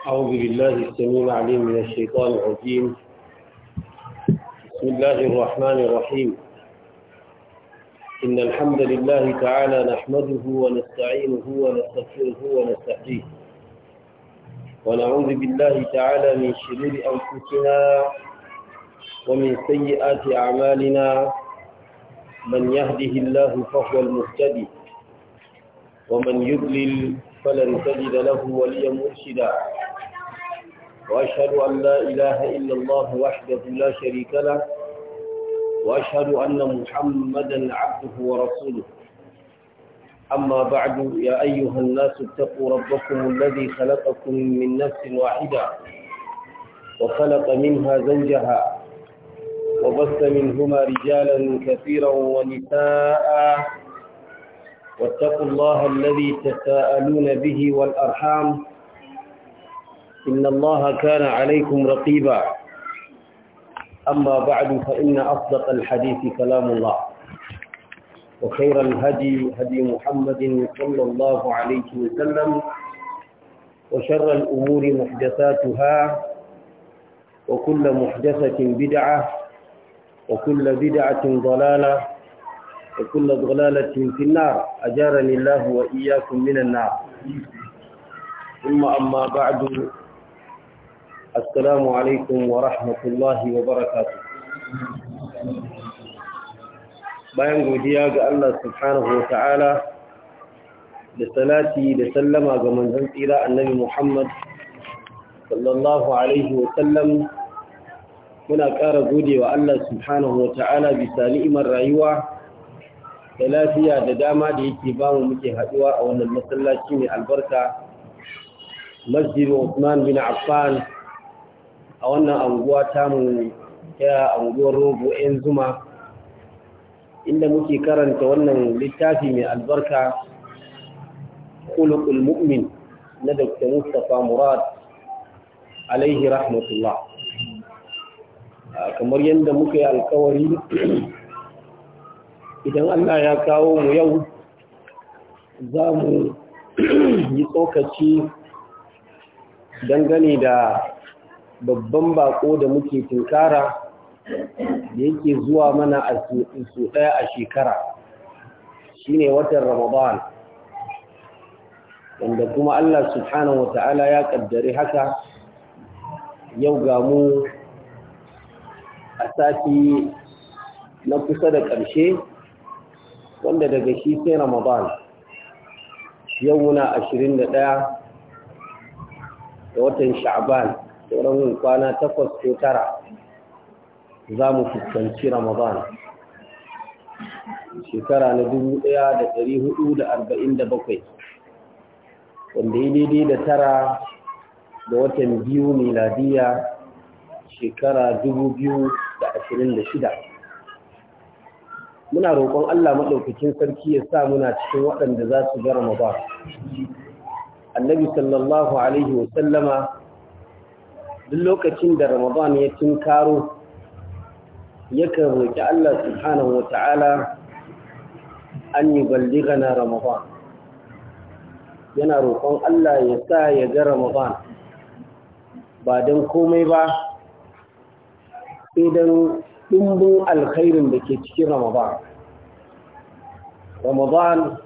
أعوذ بالله السميع العليم من الشيطان الرجيم بسم الله الرحمن الرحيم إن الحمد لله تعالى نحمده ونستعينه ونستغفره ونستهديه ونعوذ بالله تعالى من شرور أنفسنا ومن سيئات أعمالنا من يهده الله فهو المهتدي ومن يضلل فلن تجد له وليا مرشدا وأشهد أن لا إله إلا الله وحده لا شريك له وأشهد أن محمدا عبده ورسوله أما بعد يا أيها الناس اتقوا ربكم الذي خلقكم من نفس واحدة وخلق منها زوجها وبث منهما رجالا كثيرا ونساء واتقوا الله الذي تساءلون به والأرحام إن الله كان عليكم رقيبا أما بعد فإن أصدق الحديث كلام الله وخير الهدي هدي محمد صلى الله عليه وسلم وشر الأمور محدثاتها وكل محدثة بدعة وكل بدعة ضلالة وكل ضلالة في النار أجارني الله وإياكم من النار ثم أما بعد السلام عليكم ورحمة الله وبركاته bayan godiya ga Allah subhanahu wa ta'ala da salati da sallama ga manzon tsira annabi Muhammad sallallahu alaihi wa sallam muna ƙara godewa Allah subhanahu wa ta'ala bisa ni'imar rayuwa da lafiya da dama da yake bamu muke haɗuwa a wannan masallaci mai albarka masjid Usman bin Affan a wannan anguwa tamu ta anguwar rogo 'yan zuma inda muke karanta wannan littafi mai albarka kulukul mu'min na dr mustapha murad alaihi rahmatullah kamar yadda muka yi alkawari idan allah ya kawo mu yau za mu yi tsokaci dangane da babban bako da muke tunkara da yake zuwa mana a su ɗaya a shekara shine watan ramadan wanda kuma Allah subhanahu wa ta'ala ya kaddari haka yau ga mu a sati na kusa da ƙarshe wanda daga shi sai ramadan yau muna 21 da watan sha'ban sauran kwana takwas ko tara za mu fuskanci ramadan shekara na dubu ɗaya da ɗari hudu da arba'in da bakwai wanda ya daidai da tara da watan biyu miladiya shekara dubu biyu da ashirin da shida muna roƙon allah maɗaukacin sarki ya sa muna cikin waɗanda za su ga ramadan annabi sallallahu alaihi wasallama duk lokacin da ramadan ya tinkaro yakan roƙi Allah subhanahu wa ta'ala an yi na ramadan yana roƙon Allah ya sa ya ga ramadan ba don komai ba sai don ɗumbin alkhairin da ke cikin ramadan ramadan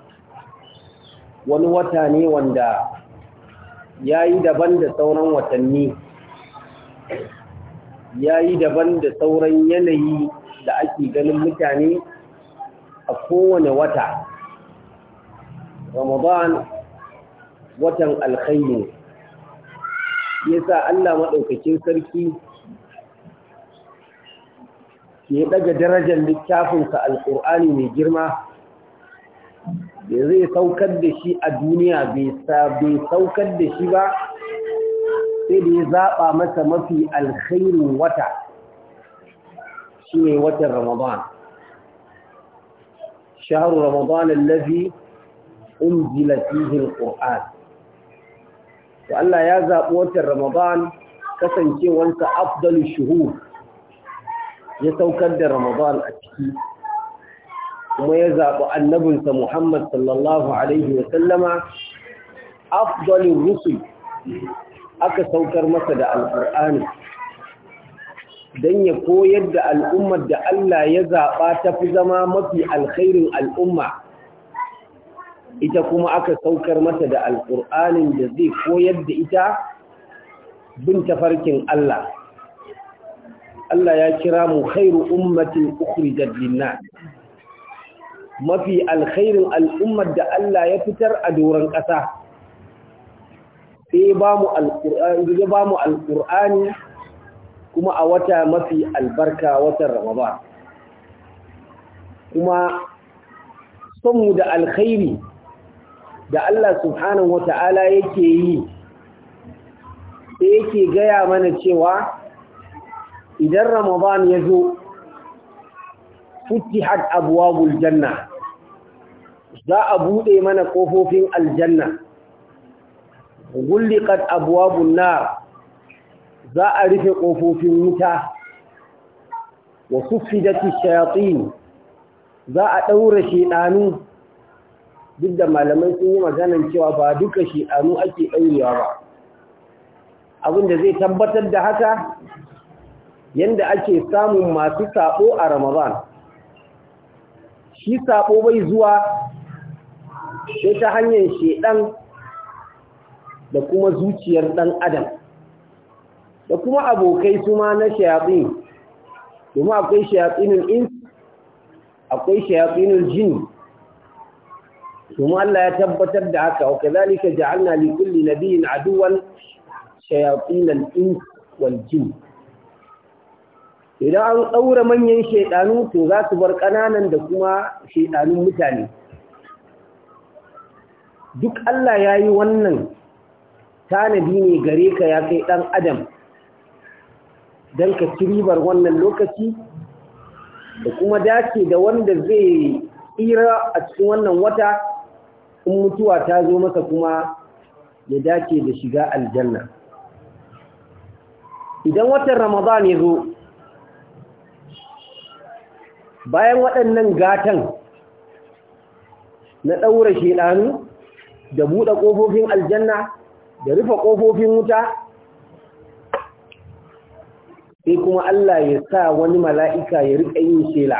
wani wata ne wanda ya yi daban da sauran watanni ya yi daban da sauran yanayi da ake ganin mutane a kowane wata ramadan watan alkhairu ya sa allah maɗaukakin sarki ya ɗaga darajar littafinsa alƙur'ani mai girma da zai saukar da shi a duniya bai saukar da shi ba sai da ya zaɓa masa mafi alkhairin wata shi ne watan ramadan shaharar ramadan allazi unzila fihi alquran to Allah ya zaɓi watan ramadan kasancewarsa afdalu shuhur ya saukar da ramadan a ciki kuma ya zaɓi annabinsa Muhammad sallallahu Alaihi wasallama afdalin rusul aka saukar masa da alƙur'ani don ya koyar da al'ummar da Allah ya zaɓa ta fi zama mafi alkhairin al'umma ita kuma aka saukar mata da alƙur'anin da zai koyar da ita bin tafarkin Allah. Allah ya kira mu khairu ummatin ukhrijat lin mafi alkhairin al'ummar da Allah ya fitar a doron ƙasa sai ba mu alkur'ani ya ba mu kuma a wata mafi albarka watan ramaba kuma son mu da alkhairi da Allah subhanahu wata'ala yake yi sai yake gaya mana cewa idan ramadan ya zo futihat abwabul janna za a bude mana ƙofofin aljanna gulliqat abwabun na za a rufe kofofin wuta wa sufidati shayatin za a ɗaura shedanu duk da malamai sun yi maganan cewa ba duka shedanu ake daurewa ba da zai tabbatar da haka yanda ake samun masu sabo a ramadan shi sabo bai zuwa sai ta hanyar shedan da kuma zuciyar ɗan adam da kuma abokai su ma na shayatsi kuma akwai shayatsinin ins akwai shayatsinin jini kuma Allah ya tabbatar da haka wa kazalika ja'alna li kulli nabiyyin aduwan shayatsinal ins wal jin idan an ɗaura manyan shaiɗanu to za su bar kananan da kuma shaiɗanun mutane duk Allah ya yi wannan tanadi ne gare ka ya kai ɗan adam don ka ci ribar wannan lokaci da kuma dace da wanda zai tsira a cikin wannan wata in mutuwa ta zo masa kuma ya dace da shiga aljanna idan watan ramadan ya zo bayan waɗannan gatan na ɗaura shi da buɗe ƙofofin aljanna da rufe ƙofofin wuta sai kuma Allah ya sa wani mala'ika ya riƙa yin shela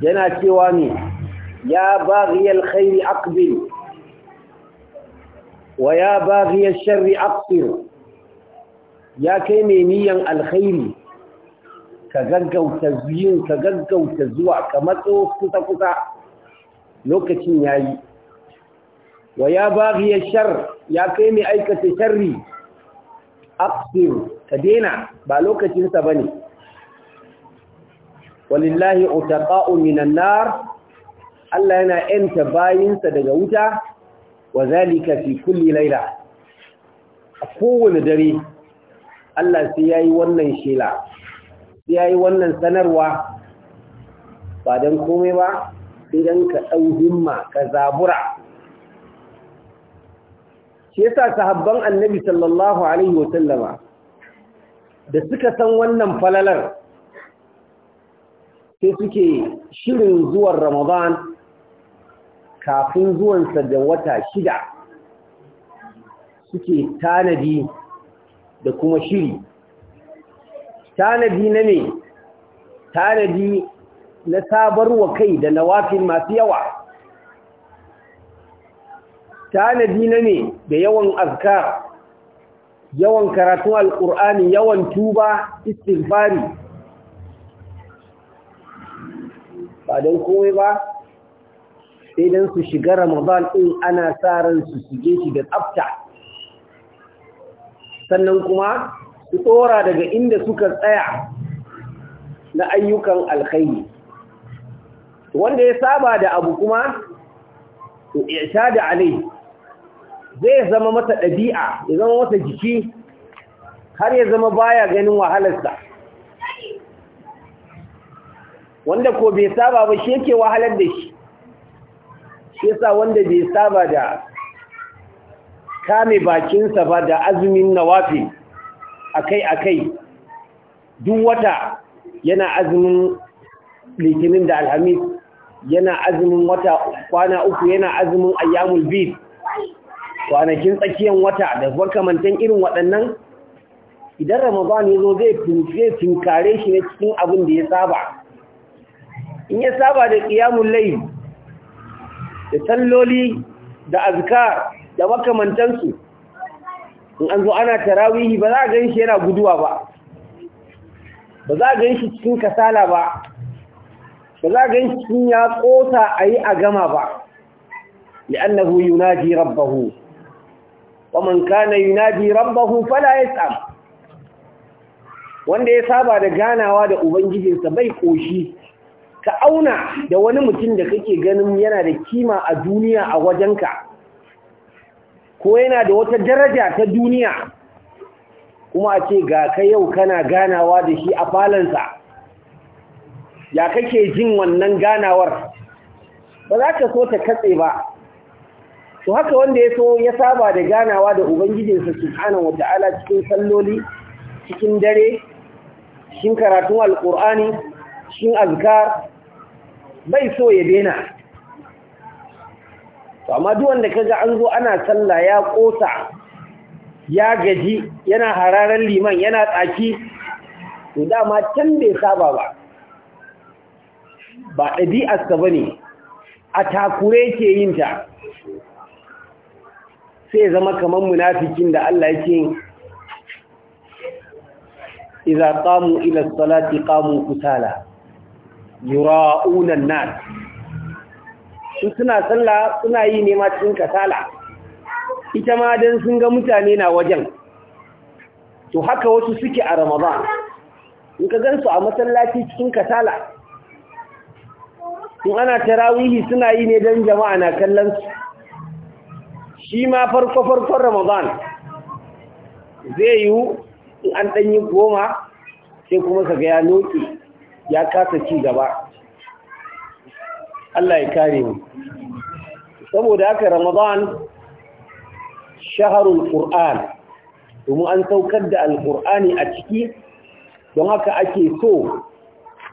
yana cewa ne ya ba riyar khairi akbil? wa ya ba riyar sharri akbil? ya kai mai niyan alkhairi ka gaggauta zuwa ka matso kusa kusa lokacin yayi wa ya baghiya shar ya kai mai aikata sharri aqsir ka dena ba lokacin sa bane walillahi utaqa'u minan nar Allah yana enta bayinsa daga wuta wa zalika fi kulli layla a kowane dare Allah sai yayi wannan shela sai yayi wannan sanarwa ba dan komai ba sai dan ka dau himma ka zabura shi yasa sahabban annabi sallallahu alaihi wa sallama da suka san wannan falalar sai suke shirin zuwan ramadan kafin zuwansa da wata shida suke tanadi da kuma shiri tanadi na ne tanadi na sabarwa kai da nawafin masu yawa tanadi na ne da yawan azkar yawan karatun alkur'ani yawan tuba istighfari ba don komai ba sai don su shiga ramadan ɗin ana sa ran su shige shi da tsafta sannan kuma su tsora daga inda suka tsaya na ayyukan alkhairi wanda ya saba da abu kuma to ya sha da alai zai zama mata ɗabi'a ya zama mata jiki har ya zama baya ganin wahalarsa wanda ko bai saba ba shi yake wahalar da shi shi yasa wanda bai saba da kame bakinsa ba da azumin nawafi akai-akai duk wata yana azumin litinin da alhamis yana azumin wata kwana uku yana azumin ayyamul bid kwanakin tsakiyar wata da makamantan irin waɗannan idan ramadan ya zo zai tinkare shi na cikin abin da ya saba in ya saba da ƙiyamun layi da talloli da azkar da makamantansu in an zo ana tarawihi ba za a gan shi yana guduwa ba ba za a gan shi cikin kasala ba ba za a gan shi cikin ya ƙota a yi a gama ba li'annahu yunaji rabbahu ومن كان ينادي ربه فلا يسأم wanda ya saba da ganawa da ubangijinsa bai koshi ka auna da wani mutum da kake ganin yana da kima a duniya a wajenka ko yana da wata daraja ta duniya kuma a ce ga ka yau kana ganawa da shi a falansa ya kake jin wannan ganawar ba za ka so ta katse ba to haka wanda ya so ya saba da ganawa da ubangijinsa subhanahu wata'ala cikin salloli cikin dare cikin karatun alqur'ani cikin azkar bai so ya dena to amma duk wanda kaga an zo ana sallah ya kosa ya gaji yana hararan liman yana tsaki to dama can bai saba ba ba ɗabi'arsa ba ne a takure ke yin ta sai zama kamar munafikin da Allah yake idza qamu ila salati qamu kutala, yura'una an-nas suna sallah suna yi ne cikin kasala ita ma dan sun ga mutane na wajen to haka wasu suke a ramadan in ka gansu a masallaci cikin kasala in ana tarawihi suna yi ne dan jama'a na kallon su shi ma farko-farkon ramadan zai yiwu in an ɗanyi goma sai kuma kaga ya noki ya kasa ci gaba Allah ya kare mu saboda haka ramadan shaharul qur'an domin an saukar da alqur'ani a ciki don haka ake so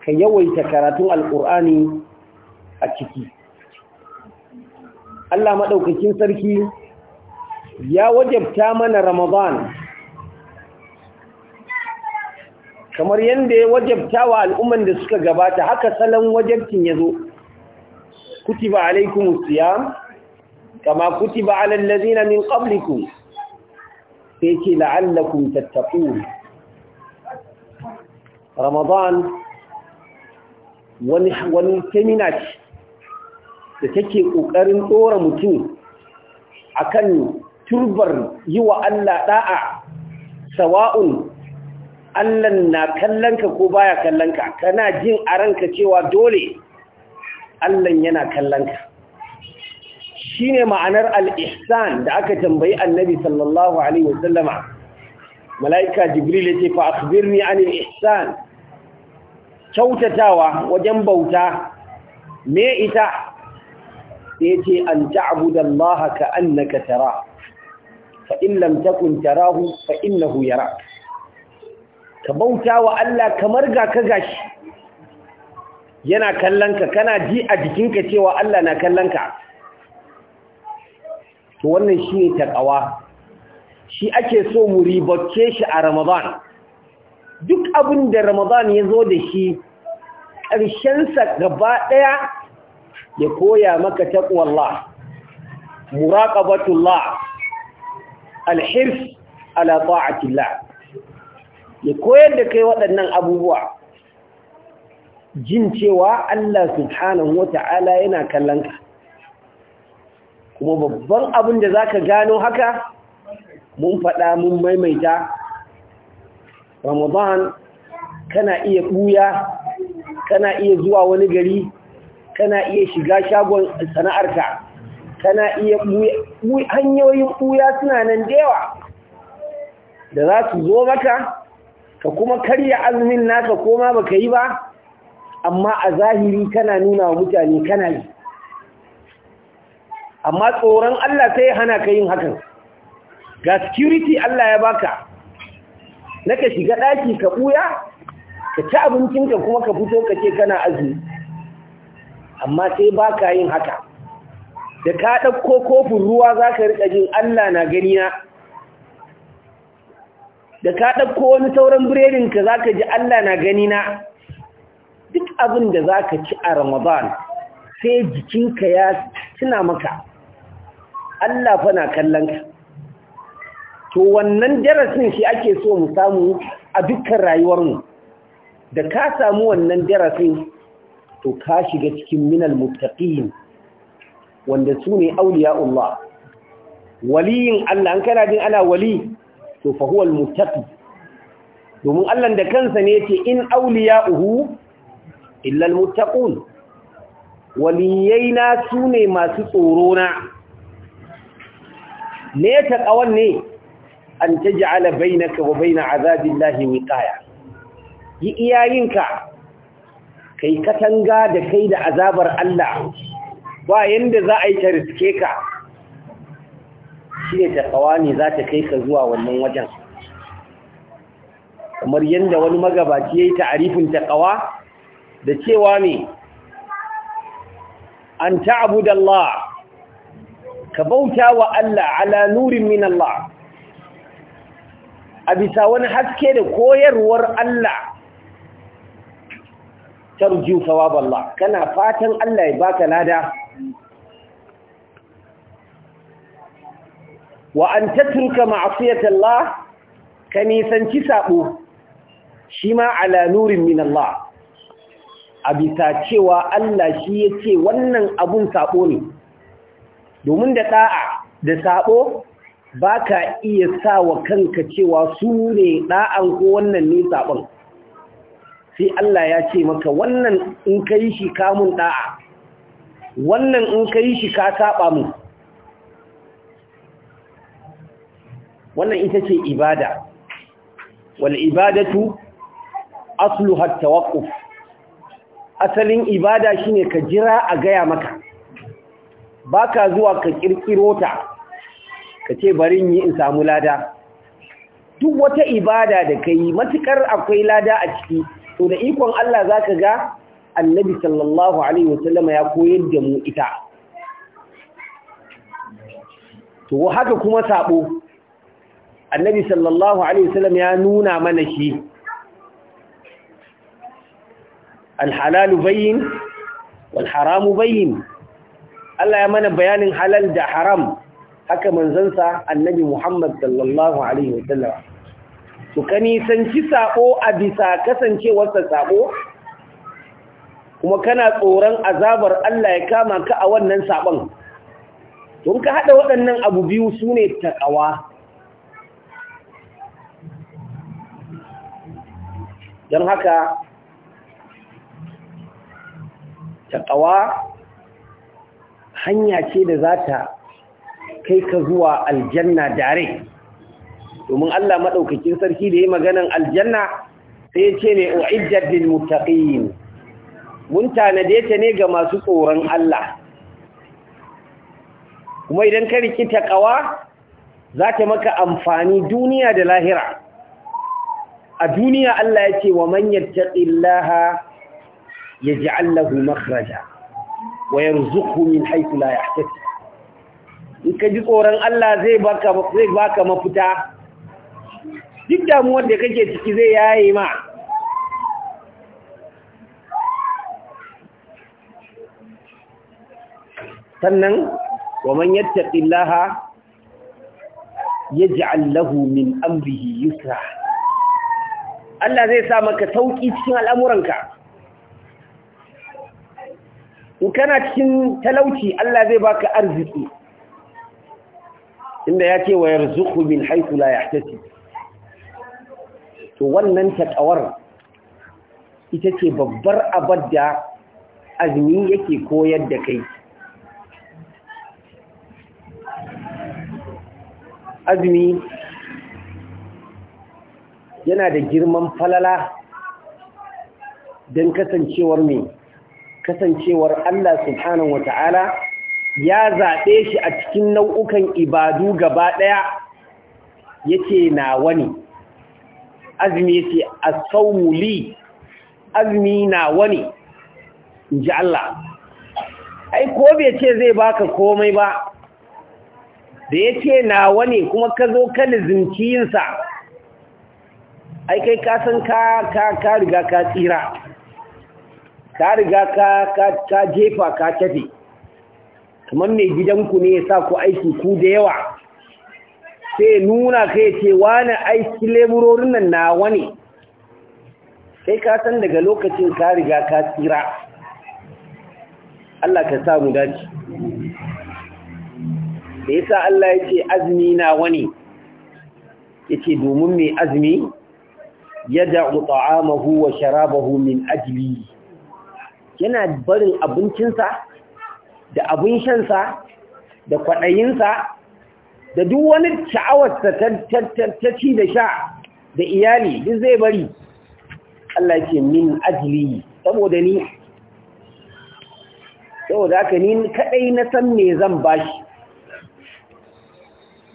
ka yawaita karatun alqur'ani a ciki Allah madaukakin sarki ya wajabta mana ramadan kamar yadda ya wajabta wa al'umman da suka gabata haka salon wajabcin ya zo kutiba alaikum siyam kama kutiba alal ladina min qablikum sai ke la'allakum tattaqun ramadan wani wani semina ce da take kokarin tsora mutum akan turbar yi wa Allah ɗa'a sawa'un Allah na kallonka ko baya kallonka kana jin a ranka cewa dole Allah yana kallonka shine ma'anar al-ihsan da aka tambayi annabi sallallahu alaihi wasallama malaika jibril yace fa akhbirni an al-ihsan kyautatawa wajen bauta me ita ce an ka annaka tara fa in tarahu fa ka bauta wa Allah kamar ga ka gashi yana kallon ka kana ji a jikinka cewa Allah na kallon ka to wannan shi ne takawa shi ake so mu ribacce shi a Ramadan duk abin da Ramadan ya zo da shi ƙarshensa gaba ɗaya ya koya maka taqwallah muraƙabatullah alhirs ala ta'atillah ya koyar da kai waɗannan abubuwa jin cewa Allah subhanahu wata'ala yana kallon ka kuma babban abin da za ka gano haka mun faɗa mun maimaita Ramadan kana iya ɓuya kana iya zuwa wani gari kana iya shiga shagon sana'arka kana iya hanyoyin ɓuya suna nan da yawa da za su zo maka ka kuma karya azumin naka koma baka yi ba amma a zahiri kana nuna wa mutane kana yi amma tsoron Allah sai hana ka yin hakan ga security Allah ya baka na ka shiga ɗaki ka ɓuya ka ci abincinka kuma ka fito ka ce kana azumi amma sai baka yin haka da ka ɗauko kofin ruwa za ka riƙa jin Allah na gani na da ka ɗauko wani sauran biredinka za ka ji Allah na gani na duk abin da za ka ci a ramadan sai jikinka ya tuna maka Allah fa na kallonka to wannan darasin shi ake so mu samu a dukkan rayuwarmu da ka samu wannan darasin to ka shiga cikin minal muttaqin wanda su ne auliya'ullah waliyin Allah an kana jin ana wali to fa huwa almuttaqi domin Allah da kansa ne yake in auliya'uhu illa almuttaqun waliyaina su ne masu tsoro na ne ta kawan ne an taj'ala bainaka wa bain azabillahi wiqaya yi iyayenka kai katanga da kai da azabar Allah ba yanda za a yi ta riske ka shi ne takawa ne za ta kai ka zuwa wannan wajen kamar yanda wani magabaci ya yi ta'arifin takawa da cewa ne an Allah ka bauta wa Allah ala nurin min Allah a bisa wani haske da koyarwar Allah rujiyu sawab Allah kana fatan Allah ya baka lada wa an tatruka ma'asiyatallah ka nisanci sabo shi ma ala nurin min a bisa cewa Allah shi yace wannan abun saɓo ne domin da da'a da sabo baka iya sa wa kanka cewa su ne da'an ko wannan ne sabon sai Allah ya ce maka wannan in kai shi kamun da'a wannan in kai shi ka saɓa mu wannan ita ce ibada wal ibadatu asluha tawaqquf asalin ibada shine ka jira a gaya maka baka zuwa ka kirkiro ta ka ce bari yi in samu lada duk wata ibada da kai matukar akwai lada a ciki to da ikon Allah zaka ga annabi sallallahu alaihi wasallam ya koyar da mu ita to haka kuma sabo annabi sallallahu alaihi wasallam ya nuna mana shi alhalalu bayyin wal haramu bayyin Allah ya mana bayanin halal da haram haka manzansa annabi Muhammad sallallahu alaihi wasallam to kani san ci sako a bisa kasancewarsa sako kuma kana tsoron azabar Allah ya kama ka a wannan sabon don ka hada waɗannan abu biyu su sune takawa don haka taƙawa hanya ce da za ta kai ka zuwa aljanna dare domin Allah maɗaukakin sarki da ya maganar aljanna sai ya ce ne u'iddat lil muttaqin mun da ne ga masu tsoron Allah kuma idan ka riki ƙawa za ta maka amfani duniya da lahira a duniya Allah ya ce wa man ya ji lahu makhraja wa yarzuqhu min haythu la yahtasib in ka ji tsoron Allah zai baka zai baka mafita duk damuwar da kake ciki zai yaye ma sannan wa man ya ji lahu min amrihi yusra Allah zai sa maka sauki cikin al'amuranka in kana cikin talauci Allah zai baka arziki inda ya ce wa yarzuqu min haythu la yahtasib to wannan taƙawar ita ce babbar abar da azumi yake koyar da kai azumi yana da girman falala don kasancewar mai kasancewar Allah subhanahu wata'ala ya zaɓe shi a cikin nau'ukan ibadu gaba ɗaya ya ce na wani azumi ya ce a saumuli azumi na wani in ji Allah ai ko bai ce zai baka komai ba da ya ce na wani kuma ka zo ka lizinci yinsa ai kai ka san ka ka ka riga ka tsira ka riga ka ka jefa ka tafi kamar mai gidanku ne ya sa ku aiki ku da yawa sai nuna kai ce wani aiki leburorin nan na wani. sai ka san daga lokacin ka riga ka tsira Allah ka sa mu dace da yasa Allah ya ce azumi wani yake ce domin mai azumi yada'u ta'amahu wa sharabahu min ajli yana barin abincinsa da abin shansa da kwaɗayinsa da duk wani sha'awarsa ta ci da sha da iyali duk zai bari Allah ce min ajli saboda ni saboda haka ni kadai na san me zan bashi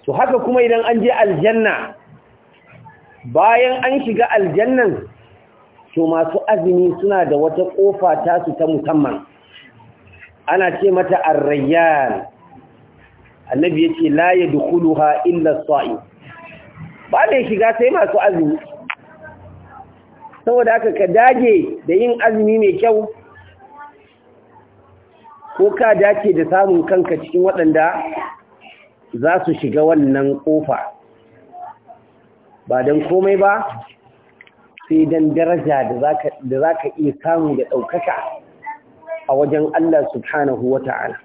to haka kuma idan an je aljanna bayan an shiga aljannan to masu azumi suna da wata kofa tasu ta musamman ana ce mata arrayyan annabi yace la yadkhuluha illa as-sa'im ba da shiga sai masu azumi saboda haka ka dage da yin azumi mai kyau ko ka dace da samun kanka cikin waɗanda za su shiga wannan kofa ba don komai ba sai don daraja da za ka iya samu da ɗaukaka a wajen Allah subhanahu wa ta'ala.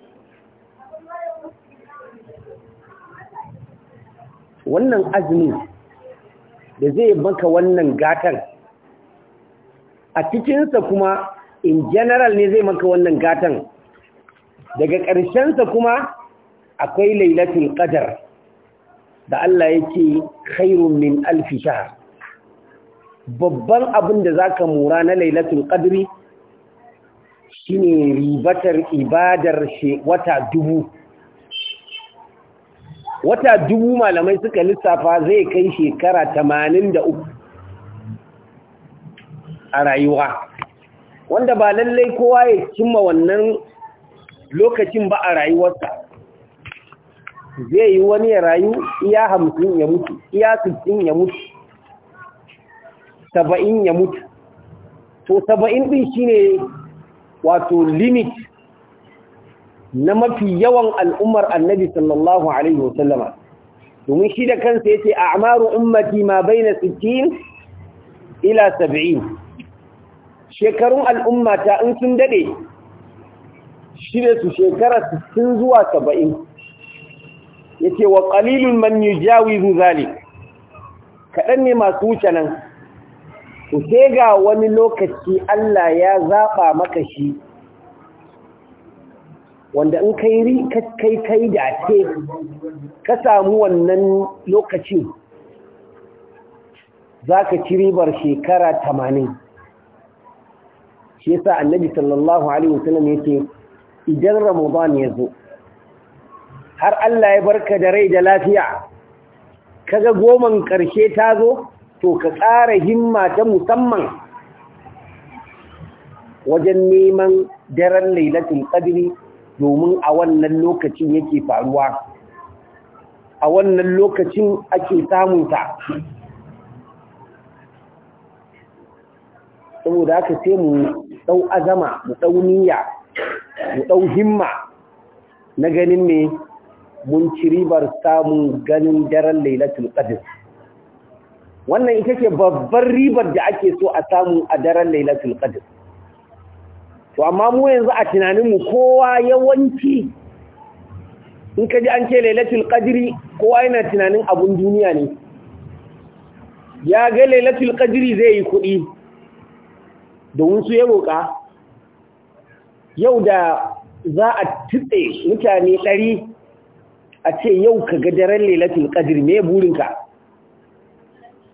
Wannan azumi da zai maka wannan gatan a cikinsa kuma in general ne zai maka wannan gatan daga ƙarshensa kuma akwai lailatul qadar da Allah yake khairun min alfi shahr babban abin da zaka mura na lailatul qadri shine ribatar ibadar wata dubu wata dubu malamai suka lissafa zai kai shekara 83 a rayuwa wanda ba lallai kowa ya cimma wannan lokacin ba a rayuwarsa zai yi wani ya rayu iya hamsin ya mutu iya sittin ya mutu saba'in ya mutu to saba'in ɗin shine wato limit na mafi yawan al'ummar annabi sallallahu alaihi wasallama domin shi da kansa yace a'maru ummati ma na sittin ila 70 shekarun al'ummata in sun daɗe shi da su shekara sittin zuwa saba'in. Ya ce wa ƙalilun man yujawizu zane kaɗan ne masu wuce nan ku sai ga wani lokaci Allah ya zaɓa maka shi wanda in kai ri kai kai da ce ka samu wannan lokacin ka ci ribar shekara 80 shi yasa annabi sallallahu alaihi wasallam ce idan ramadan ya zo har Allah ya barka da rai da lafiya kaga goman ƙarshe ta zo to ka ƙara himma ta musamman wajen neman daren lailatul qadri domin a wannan lokacin yake faruwa a wannan lokacin ake ta. saboda ka sai mu dau azama mu dau niyya mu dau himma na ganin me mun ci ribar samun ganin daren lailatul qadr wannan ita ce babbar ribar da ake so a samu a daren lailatul qadr to amma mu yanzu a tunaninmu kowa yawanci in ka ji an ce lailatul qadri kowa yana tunanin abun duniya ne ya ga lailatul qadri zai yi kuɗi domin su ya boka yau da za a tutse mutane ɗari a ce yau ka ga daren lelatin ƙadir me burinka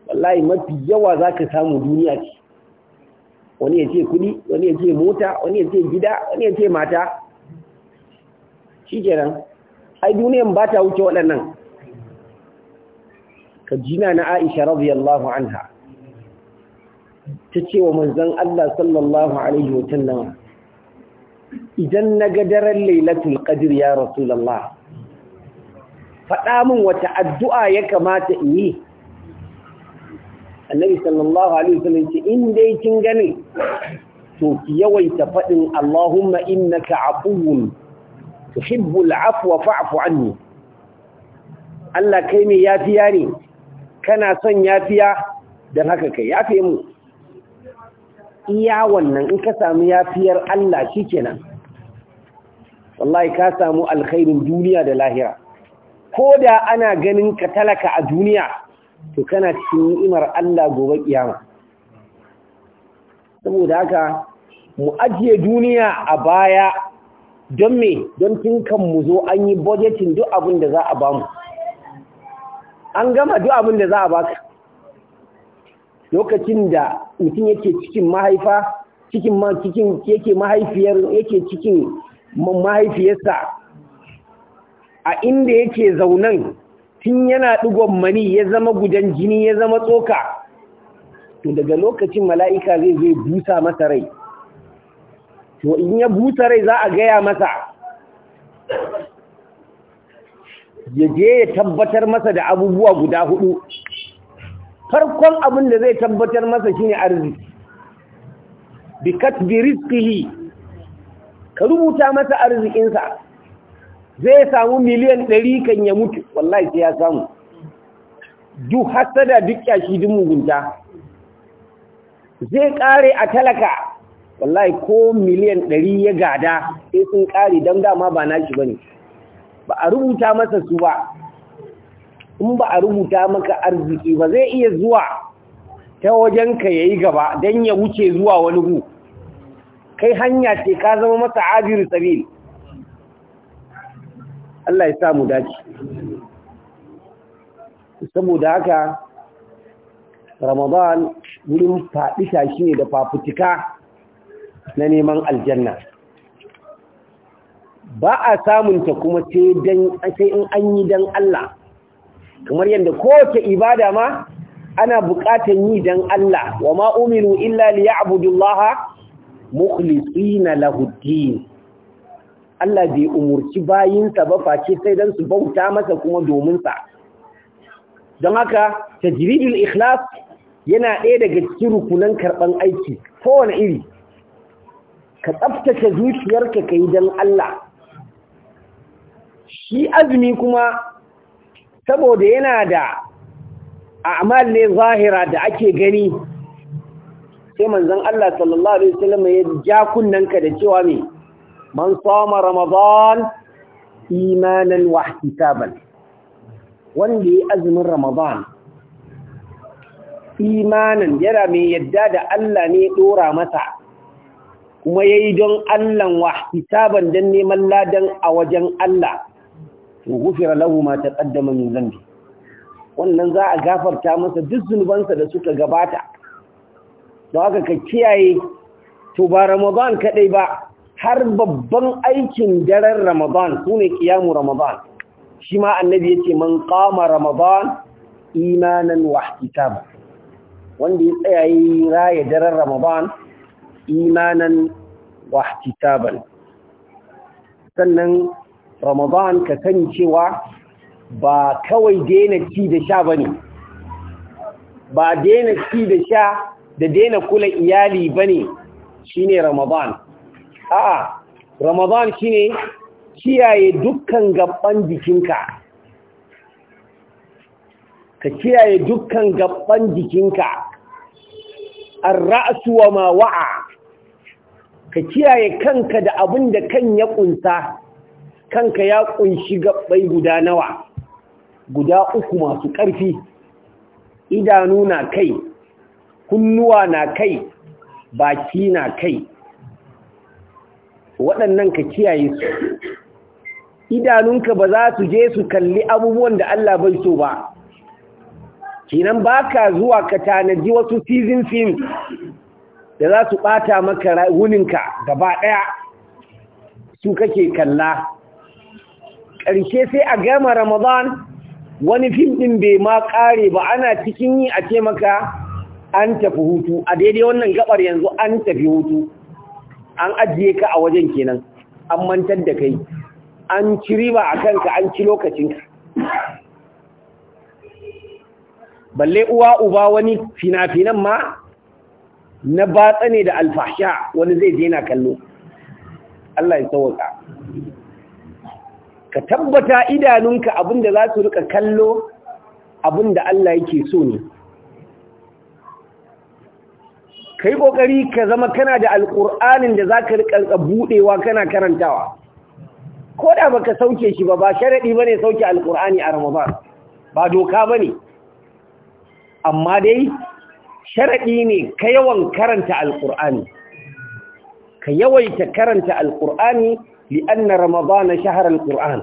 wallahi mafi yawa zaka samu duniya ce wani ya ce kudi wani ya ce mota wani ya ce gida wani ya ce mata shikenan ai duniyan ba ta wuce waɗannan ka jina na Aisha radiyallahu anha ta ce wa manzan Allah sallallahu alaihi wa sallam idan na ga daren lelatin ƙadir ya rasulallah faɗa min wata addu'a ya kamata in yi annabi sallallahu alaihi wasallam ce in dai kin ganin. to ki yawaita faɗin Allahumma innaka afuwun tuhibbul fa'afu an ne. Allah kai mai yafiya ne kana son yafiya dan haka kai yafe mu iya wannan in ka samu yafiyar Allah kenan. wallahi ka samu alkhairin duniya da lahira ko da ana ganin ka talaka a duniya to kana cikin ni'imar Allah gobe kiyama saboda haka mu ajiye duniya a baya don me don tinkan mu zo an yi budgeting duk abin da za a bamu an gama duk abin da za a baka lokacin da mutum yake cikin mahaifa cikin ma cikin yake mahaifiyar yake cikin mahaifiyarsa a inda yake zaunan tun yana ɗigon mani ya zama gudan jini ya zama tsoka to daga lokacin mala'ika zai zai busa masa rai to in ya busa rai za a gaya masa ya je ya tabbatar masa da abubuwa guda hudu farkon abin da zai tabbatar masa shine arziki bi katbi rizqihi ka rubuta masa arzikinsa zai samu miliyan ɗari kan ya mutu wallahi sai ya samu duk hasada duk kyashi duk mugunta zai ƙare a talaka wallahi ko miliyan ɗari ya gada sai sun ƙare don dama ba nashi ba ne ba a rubuta masa su ba in ba a rubuta maka arziki ba zai iya zuwa ta wajenka ya yi gaba don ya wuce zuwa wani gu kai hanya ce ka zama masa ajiyar sabil Allah ya sa mu dace saboda haka Ramadan wurin faɗi shi ne da fafutuka na neman aljanna ba a samunta kuma sai in an yi dan Allah kamar yadda kowace ibada ma ana buƙatar yi dan Allah wa ma ma'umiru illa liya abudullaha mukhlisina lahuddin Allah bai umurci bayinsa ba face sai dan su bauta masa kuma domin sa don haka tajridul ikhlas yana ɗaya daga cikin rukunan karban aiki kowane iri ka tsaftace zuciyarka kai dan Allah shi azumi kuma saboda yana da a'mal ne zahira da ake gani sai manzon Allah sallallahu alaihi wasallam ya ja kunnanka da cewa me man soma ramadan imanan wa ihtisaban wanda yi azumin ramadan imanan yana mai yadda da Allah ne dora masa kuma yayi don Allah wa ihtisaban dan neman ladan a wajen Allah to gufira lahu ma taqaddama min zambi wannan za a gafarta masa duk zunubansa da suka gabata don haka ka kiyaye to ba ramadan kaɗai ba har babban aikin daren Ramadan sune ƙiyamu Ramadan shi ma annabi yace man kama Ramadan imanan wa wanda ya tsaya yi raya daren Ramadan imanan wa sannan Ramadan ka sani cewa ba kawai daina ci da sha ne. ba daina ci da sha da daina kula iyali bane shine Ramadan a'a ramadan shine kiyaye dukkan gabban jikinka ka kiyaye dukkan gabban jikinka ar wa ma wa'a ka kiyaye kanka da abin da kan ya kunsa kanka ya kunshi gabbai guda nawa guda uku masu ƙarfi idanu na kai kunnuwa na kai baki na kai waɗannan ka kiyaye su idanunka ba za su je su kalli abubuwan da Allah bai so ba kinan baka zuwa ka tanaji wasu season film da za su ɓata maka wuninka gaba ɗaya su kake kalla ƙarshe sai a gama ramadan wani fim ɗin bai ma ƙare ba ana cikin yi a ce maka an tafi hutu a daidai wannan gabar yanzu an tafi hutu an ajiye ka a wajen kenan an mantar da kai an ci riba a kanka an ci lokacinka balle uwa uba wani fina-finan ma na batsa ne da alfasha wani zai daina kallo Allah ya sauka ka tabbata idanunka abinda za su rika kallo abinda Allah yake so ne ka yi ƙoƙari ka zama kana da alƙur'anin da za ka riƙa buɗewa kana karantawa ko da ba ka sauke shi ba ba sharaɗi ba ne sauke alƙur'ani a ramadan ba doka ba ne amma dai sharaɗi ne ka yawan karanta alƙur'ani ka yawaita karanta alƙur'ani li'anna ramadan shahar alƙur'an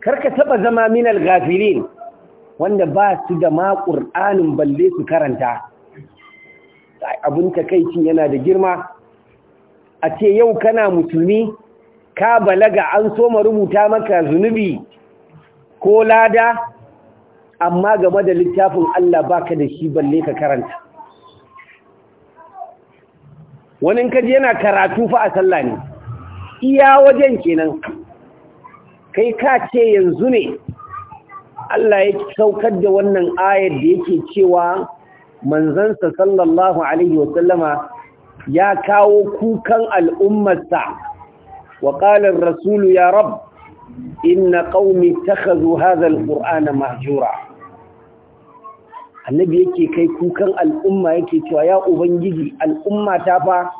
kar ka taɓa zama min gafilin wanda ba su da ma ƙur'anin balle su karanta abin takaici yana da girma a ce yau kana musulmi ka balaga an so ma rubuta maka zunubi ko lada amma game da littafin Allah baka da shi balle ka karanta wani kaji yana karatu fa a sallah ne iya wajen kenan kai ka ce yanzu ne Allah ya saukar da wannan ayar da yake cewa manzansa sallallahu alaihi sallama ya kawo kukan al'ummarsa wa rasulu ya rab inna qaumi takhazu hadha alqur'ana mahjura annabi yake kai kukan al'umma yake cewa ya ubangiji al'umma ta fa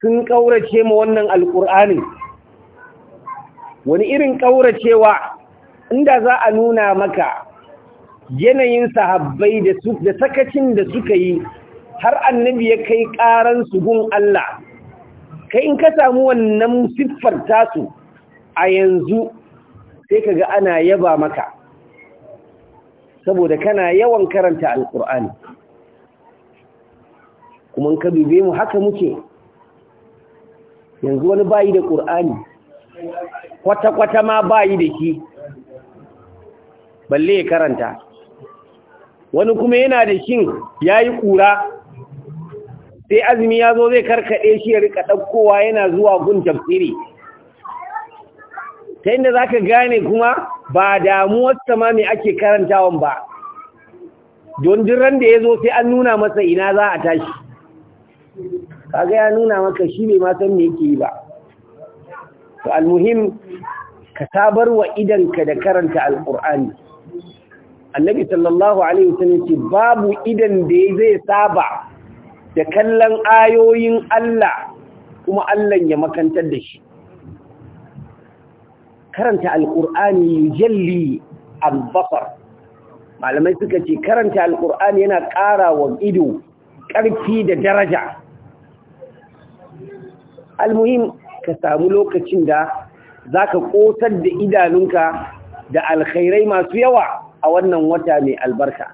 sun kaurace ma wannan alqur'ani wani irin ƙauracewa inda za a nuna maka yanayin sahabbai da sakacin da suka yi har annabi ya kai karan su gun Allah kai in ka samu wannan siffar tasu a yanzu sai ga ana yaba maka saboda kana yawan karanta alkur'ani kuma ka dube mu haka muke yanzu wani bayi da ƙur'ani kwata-kwata ma bayi da ki balle ya karanta wani kuma yana da shin ya yi ƙura sai azumi ya zo zai karkaɗe shi ya rika ɗaukowa yana zuwa gun tafsiri ta inda za ka gane kuma ba damuwar sama mai ake karantawan ba don jiran da ya zo sai an nuna masa ina za a tashi kaga ya nuna maka shi bai ma san yake yi ba to almuhim ka sabar wa idanka da karanta Alƙur'ani. annabi sallallahu alaihi wasallam ce babu idan da zai saba da kallon ayoyin Allah kuma Allah ya makantar da shi karanta alqur'ani yujalli al-basar malamai suka ce karanta alqur'ani yana ƙara wa ido ƙarfi da daraja almuhim ka samu lokacin da zaka ƙosar da idanunka da alkhairai masu yawa a wannan wata mai albarka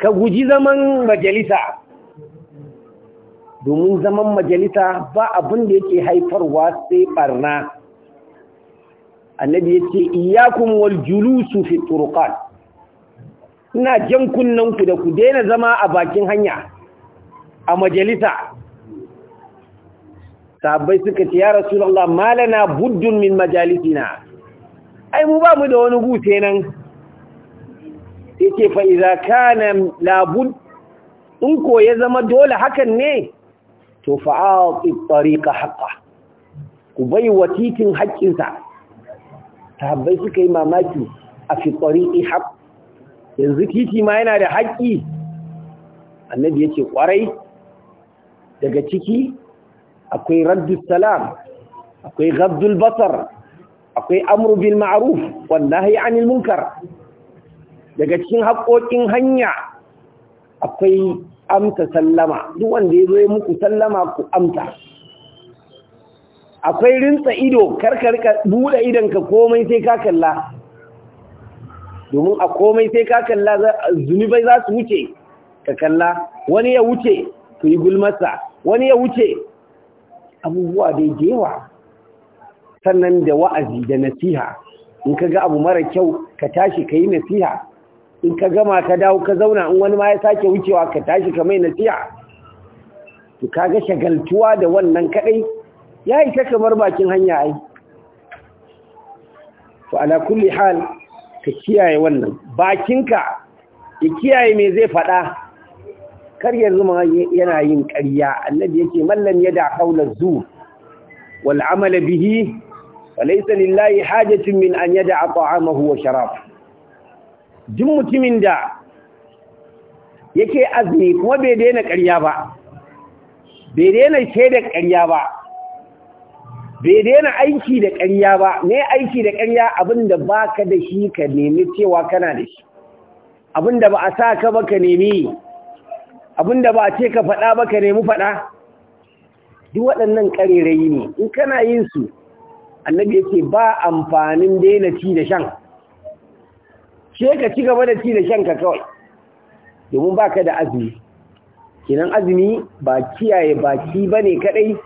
ka guji zaman majalisa domin zaman majalisa ba abin da yake haifarwa sai barna annabi yace iyakun wal julusu fi turuqat ina jan kunnan ku da ku daina zama a bakin hanya a majalisa sabai suka ce ya rasulullah malana buddun min majalisina ai mu ba mu da wani gute nan yake fa iza kana labud in ko ya zama dole hakan ne to fa'ati tariqa haqqa ku bai titin haƙƙinsa sahabbai suka yi mamaki a fi tariqi haqq yanzu titi ma yana da haƙƙi annabi yace kwarai daga ciki akwai raddu salam akwai ghadul basar akwai amru bil ma'ruf wan nahyi anil munkar daga cikin haƙoƙin hanya akwai amsa sallama duk wanda ya zo ya muku sallama ku amta. akwai rinsa ido bude buɗe ka komai sai ka kalla domin a komai sai ka kalla zunubai za su wuce ka kalla wani ya wuce ku yi gulmasa wani ya wuce abubuwa da yawa sannan da wa'azi da nasiha in ka ga abu mara kyau ka tashi ka yi nasiha in ka gama ka dawo ka zauna in wani ma ya sake wucewa ka tashi ka mai nasiha to ga shagaltuwa da wannan kadai ya yi ta kamar bakin hanya ai to ala kulli hal ka kiyaye wannan bakinka ya kiyaye me zai faɗa kar ya ma yana yin ƙarya annabi yake mallam yada haula zu wal amala bihi falaisa lillahi hajatun min an yada ta'amahu wa sharab duk mutumin da yake azmi kuma bai daina ƙarya ba bai daina aiki da ƙarya ba ne aiki da ƙarya abinda baka da shi ka nemi cewa kana da shi abinda ba a sa ka ba ka nemi abinda ba a ce ka faɗa ba ka nemi faɗa duk waɗannan ƙarerayi ne in kana yin su annabi yake ba amfanin daina ci da shan ce ka ci gaba da ci da shan ka kawai domin baka da azumi kinan azumi ba kiyaye baki bane kadai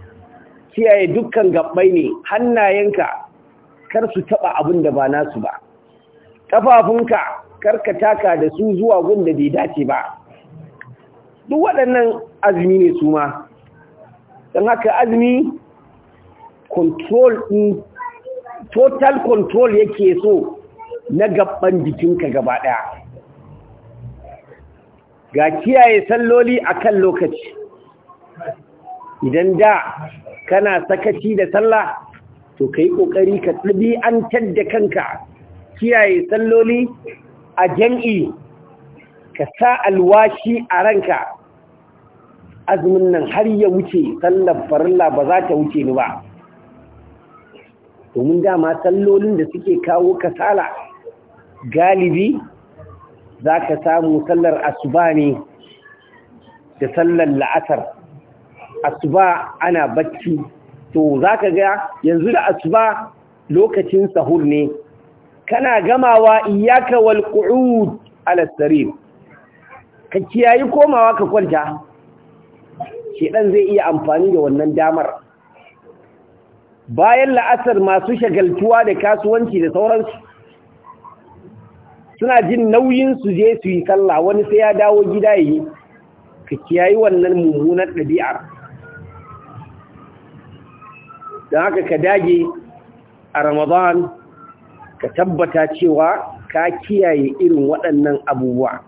kiyaye dukkan gabbai ne hannayenka kar su taba abin da ba nasu ba kafafunka kar ka taka da su zuwa gun da bai dace ba duk waɗannan azumi ne su ma don haka azumi control ɗin total control yake so na gaban jikinka gaba ɗaya ga kiyaye salloli akan lokaci idan da kana sakaci da sallah to ka yi ƙoƙari ka ɗabi'antar da kanka kiyaye salloli a jam'i ka sa alwashi a ranka azumin nan har ya wuce sallar farilla ba za ta wuce ni ba domin dama sallolin da suke kawo kasala galibi za ka samu sallar asuba ne da sallar la'asar asuba ana bacci to za ka ga yanzu da asuba lokacin sahur ne kana gamawa iyaka wal qu'ud ala ka kiyayi komawa ka kwanta shedan zai iya amfani da wannan damar bayan la'asar masu shagaltuwa da kasuwanci da sauransu suna jin nauyin su je su yi sallah wani sai ya dawo gida yi ka kiyayi wannan mummunar ɗabi'ar don haka ka dage a ramadan ka tabbata cewa ka kiyaye irin waɗannan abubuwa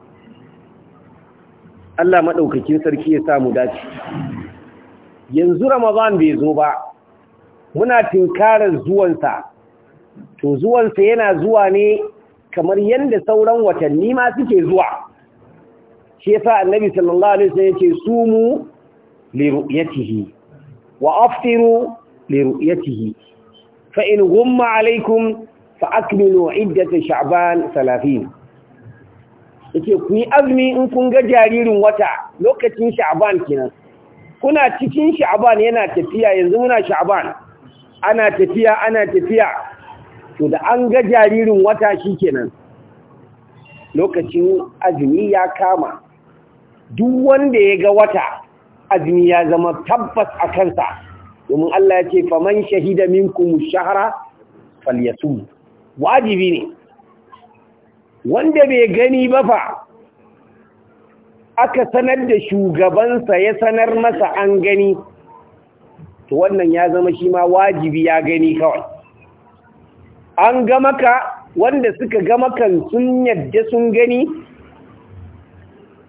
Allah maɗaukakin sarki ya samu dace yanzu ramadan bai zo ba muna tinkarar zuwansa to zuwansa yana zuwa ne kamar yadda sauran watanni ma suke zuwa shi yasa annabi sallallahu alaihi wasallam yace sumu li ru'yatihi wa aftiru li ru'yatihi fa in gumma alaikum fa akmilu iddata sha'ban 30 yace ku yi azumi in kun ga jaririn wata lokacin sha'ban kenan kuna cikin sha'ban yana tafiya yanzu muna sha'ban ana tafiya ana tafiya to da an ga jaririn wata shi kenan lokacin azumi ya kama duk wanda ya ga wata azumi ya zama tabbas a kansa domin Allah ya ce faman shahida minkum shahara falyasum wajibi ne wanda bai gani ba fa aka sanar da shugabansa ya sanar masa an gani to wannan ya zama shi ma wajibi ya gani kawai an ga maka wanda suka ga makan sun yadda sun gani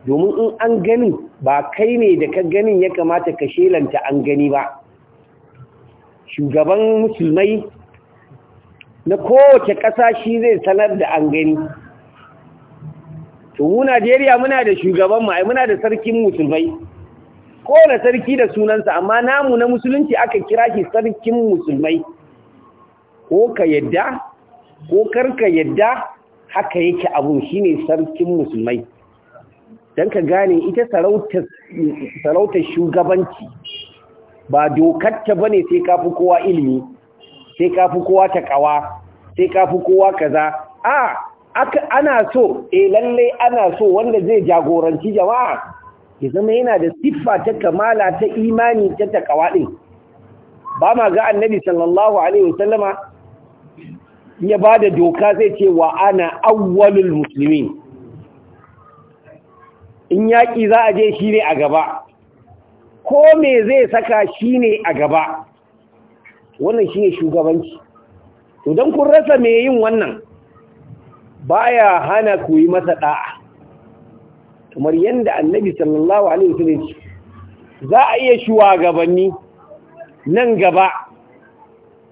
domin in an gani ba kai ne da ka ganin ya kamata ka shelanta an gani ba shugaban musulmai na kowace ƙasa shi zai sanar da an gani to mu Najeriya muna da shugaban mu ai muna da sarkin musulmai kowane sarki da sunansa amma namu na musulunci aka kira shi sarkin musulmai ko ka yadda ko karka yadda haka yake abun shine sarkin musulmai don ka gane ita sarautar shugabanci ba dokatta ba ne sai kafi kowa ilimi sai kafi kowa takawa sai kafi kowa kaza a ana so eh lallai ana so wanda zai jagoranci jama'a ya zama yana da siffa ta kamala ta imani ta takawa ba ma ga annabi sallallahu alaihi wasallama ya ba da doka zai ce wa ana awwalul musulmi in yaƙi za a je shi ne a gaba ko me zai saka shi ne a gaba wannan shi ne shugabanci to don kun rasa mai yin wannan Ba ya hana ku yi masa ɗa'a kamar yadda annabi sallallahu alaihi wasallam za a iya shugabanni nan gaba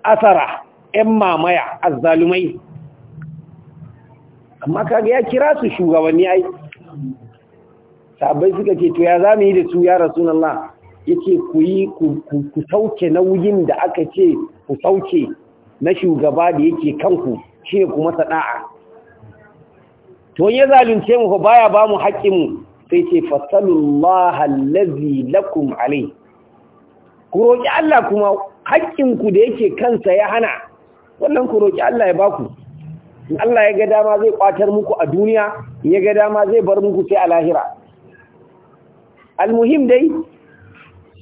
asara ‘yan mamaya azzalumai amma kaga ya kira su shugabanni ai sabai suka ce to ya za yi da su ya rasulallah ya ce ku yi ku sauke nauyin da aka ce ku sauke na shugaba da yake kanku shi ku masa da'a to ya zalunce mu ko baya ba mu haƙƙinmu sai ce fasalullaha allazi lakum alai ku roƙi Allah kuma haƙƙinku da yake kansa ya hana wannan ku roƙi Allah ya baku in Allah ya ga dama zai kwatar muku a duniya ya ga dama zai bar muku sai a lahira almuhim dai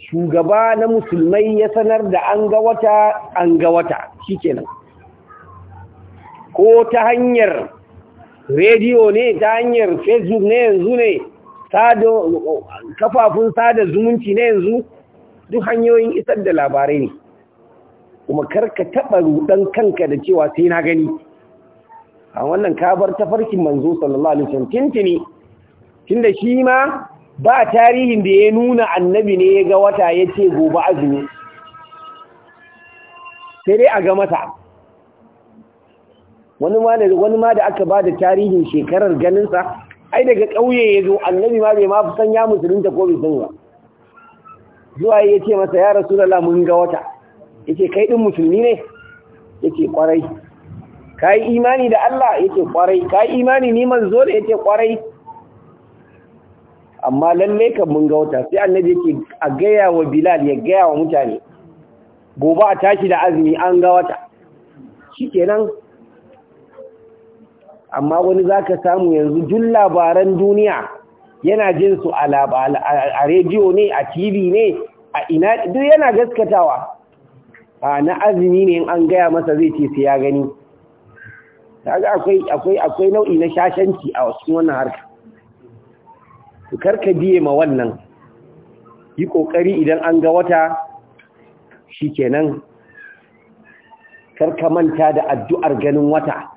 shugaba na musulmai ya sanar da an ga wata an ga wata shikenan ko ta hanyar rediyo ne ta hanyar facebook ne yanzu ne kafafun sada zumunci ne yanzu duk hanyoyin isar da labarai ne kuma karka taba rudan kanka da cewa sai na gani a wannan kabar tafarkin manzo sallallahu alaihi wasallam tintini tunda shi ma ba tarihin da ya nuna annabi ne ya ga wata ya ce gobe azumi sai dai a ga mata wani ma da aka ba da tarihin shekarar ganinsa, ai daga ya zo annabi ma bai ma sanya musulunta ko bai san ba zuwa ce masa ya da mun ga wata ce kai ɗin musulmi ne ƙwarai kwarai yi imani da Allah ƙwarai kwarai yi imani zo manzo ne ce kwarai amma lalle kan mun ga wata sai annabi ce a gaya wa bilal ya gaya wa mutane gobe a tashi da azumi an ga wata shikenan amma wani za ka samu yanzu duk labaran duniya yana jin su a rediyo ne a TV ne a ina duk yana gaskatawa a na azumi ne in an gaya masa zai ce sai ya gani akwai akwai akwai nau'i na shashanci a cikin wannan harka to karka biye ma wannan yi kokari idan an ga wata shi shikenan karka manta da addu'ar ganin wata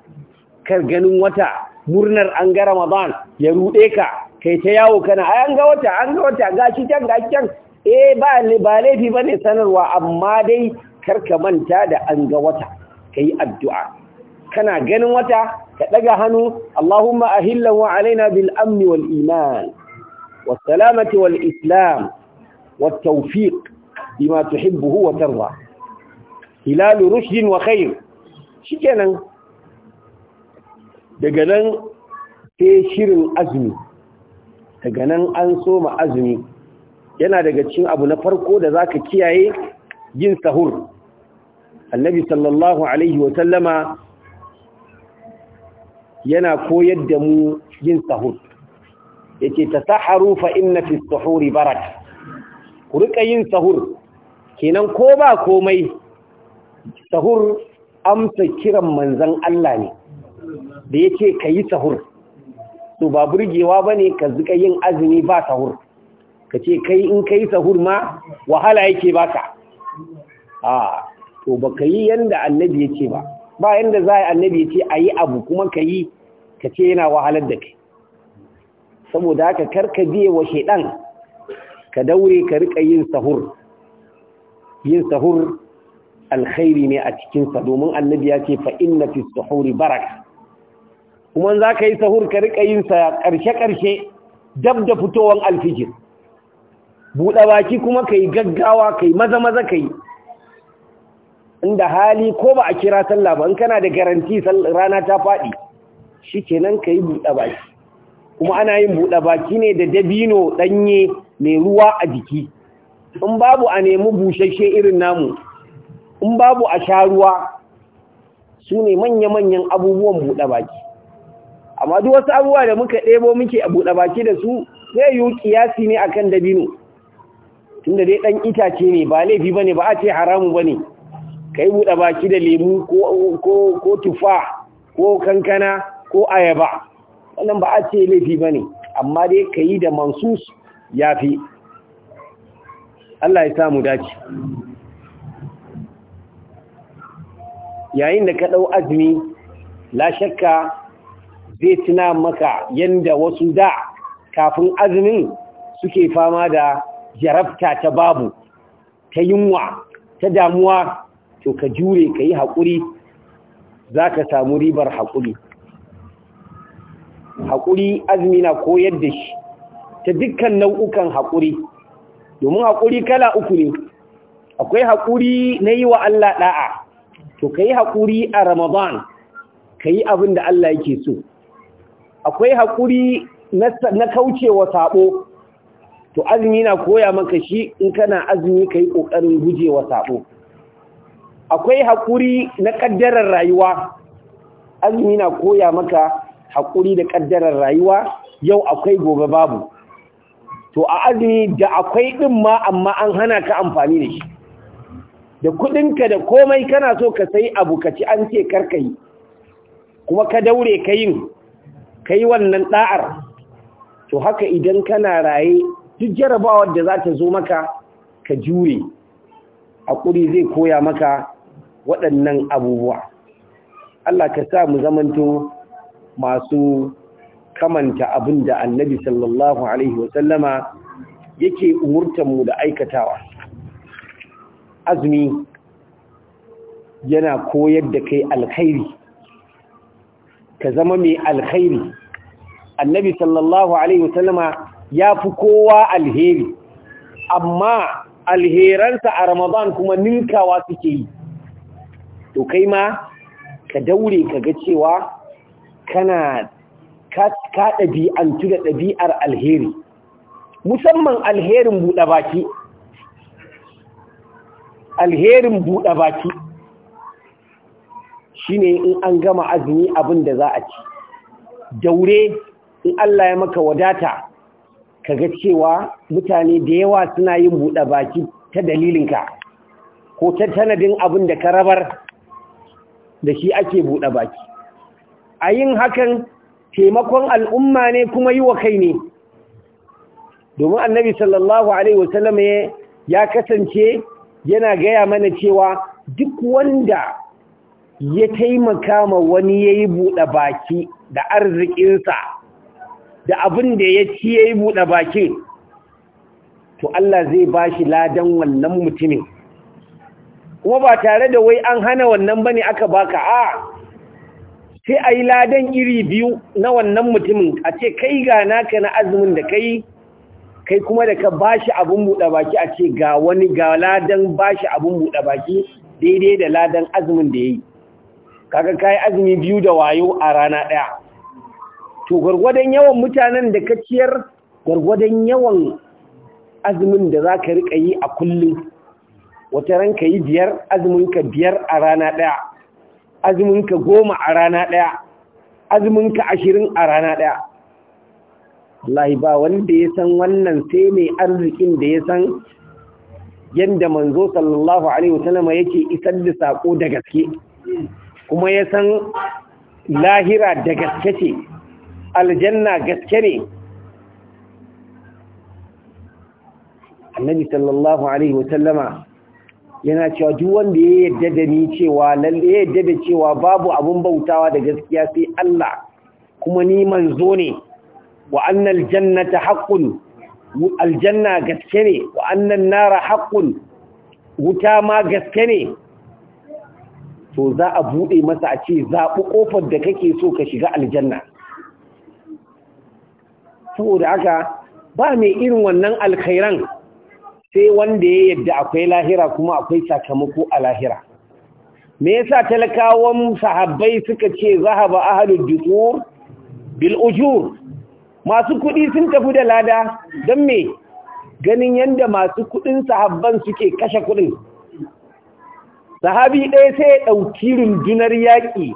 kar ganin wata murnar an ga Ramadan ya rude ka kai ta yawo kana ai an ga wata an ga wata gashi can gashi can eh ba ba laifi bane sanarwa amma dai kar ka manta da an ga wata kai addu'a kana ganin wata ka daga hannu Allahumma ahillahu alaina bil amni wal iman was salamati wal islam wat tawfiq bima tuhibbu wa tarda hilal rushdin wa khair shikenan daga nan ke shirin azumi daga nan an soma azumi yana daga cikin abu na farko da zaka kiyaye yin sahur annabi sallallahu alaihi wa yana koyar da mu yin sahur yake tasaharu fa inna fi suhuri barak ku rika yin sahur kenan ko ba komai sahur amsa kiran manzon Allah ne da ya ce ka yi sahur to ba burgewa ba ne ka zika yin azumi ba sahur ka ce kai in ka yi sahur ma wahala yake ka. a to ba ka yi yadda annabi ya ce ba ba yadda za a yi annabi ya ce a yi abu kuma ka yi ka ce yana wahalar da kai saboda haka karka biye wa shaidan ka daure ka rika yin sahur yin sahur alkhairi ne a cikinsa domin annabi ya ce fa'in na fi sahuri baraka kuma za ka yi sahur ka riƙa yin sa ƙarshe-ƙarshe dab da fitowar alfijir buɗe baki kuma ka yi gaggawa ka yi maza-maza ka yi inda hali ko ba a kira sallah ba in kana da garanti rana ta faɗi shi kenan ka yi buɗe baki kuma ana yin buɗe baki ne da dabino ɗanye mai ruwa a jiki in babu a nemi bushashe irin namu in babu a sha ruwa su ne manya-manyan abubuwan buɗe baki amma duk wasu abubuwa da muka ɗebo muke a buɗe baki da su zai yi kiyasi ne akan dabino tunda dai dan itace ne ba laifi bane ba a ce haramu bane kai buɗe baki da lemu ko tufa ko kankana ko ayaba wannan ba a ce laifi bane amma dai kayi da mansus yafi Allah ya samu dace yayin da ka ɗau azumi la shakka zai tuna maka yadda wasu da kafin azumin suke fama da jarabta ta babu ta yunwa ta damuwa to ka jure ka yi haƙuri za ka samu ribar haƙuri haƙuri azumi na koyar da shi ta dukkan nau'ukan haƙuri domin haƙuri kala uku ne akwai haƙuri na yi wa Allah ɗa'a to ka yi haƙuri a ramadan ka yi abin da Allah yake so akwai haƙuri na kaucewa saɓo, to azumi na koya maka shi in kana azumi ka yi ƙoƙarin gujewa saɓo. akwai haƙuri na ƙaddarar rayuwa azumi na koya maka haƙuri da ƙaddarar rayuwa yau akwai gobe babu to a azumi da akwai ɗin ma amma an hana ka amfani da shi da kuɗinka da komai kana so ka sayi abu ka ci an ce karka yi kuma ka daure ka yin kai wannan ɗa'ar, to haka idan kana raye duk jarabawar da za ta zo maka ka jure ƙuri zai koya maka waɗannan abubuwa Allah ka sa mu zamanto masu kamanta abin da annabi sallallahu alaihi wasallama yake umurtanmu da aikatawa azumi yana koyar da kai alkhairi ka zama mai alkhairi annabi sallallahu alaihi wasallama ya fi kowa alheri amma alheransa a ramadan kuma ninkawa suke yi to kai ma ka daure ka ga cewa kana ka ɗabi'antu da ɗabi'ar alheri musamman alherin buɗe baki alherin buɗe baki shine in an gama azumi abin da za a ci daure in Allah ya maka wadata ka ga cewa mutane da yawa suna yin buɗe baki ta dalilinka ko ta tanadin abin da ka rabar da shi ake buɗe baki a yin hakan taimakon al'umma ne kuma yi wa kai ne domin annabi sallallahu alaihi wasallam ya kasance yana gaya mana cewa duk wanda ya taimaka ma wani ya yi buɗe baki da arzikinsa da abin da ya ci ya yi buɗe bakin to Allah zai ba shi ladan wannan mutumin kuma ba tare da wai an hana wannan bane aka baka a sai a yi ladan iri biyu na wannan mutumin a ce kai ga naka na azumin da kai kai kuma da ka ba shi abin buɗe baki a ce ga wani ga ladan ba shi abin buɗe baki daidai da ladan azumin da ya yi kaga kai azumi biyu da wayo a rana daya to gurgurdan yawan mutanen da ka ciyar gurgurdan yawan azumin da zaka rika yi a kullum wata ranka yi biyar azumin ka biyar a rana daya azumin ka goma a rana daya azumin ka ashirin a rana daya wallahi ba wanda ya san wannan sai mai arzikin da ya san yadda manzo sallallahu alaihi wasallam yake isar da sako da gaske kuma ya san lahira da gaske ce aljanna gaske ne annabi sallallahu alaihi wasallama yana cewa duk wanda ya yadda da ni cewa lalle ya yadda da cewa babu abun bautawa da gaskiya sai Allah kuma ni manzo ne wa annal jannata haqqun aljanna gaske ne wa annan nara haqqun wuta ma gaske ne to za a buɗe masa a ce zaɓi ƙofar da kake so ka shiga aljanna saboda aka ba mai irin wannan alkhairan sai wanda ya yadda akwai lahira kuma akwai sakamako a lahira me yasa talakawan sahabbai suka ce zahaba ahlul dusur bil bil'ujur masu kuɗi sun tafi da lada don me ganin yadda masu kuɗin sahabban suke kashe kuɗin sahabi ɗaya sai ya ɗauki rundunar yaƙi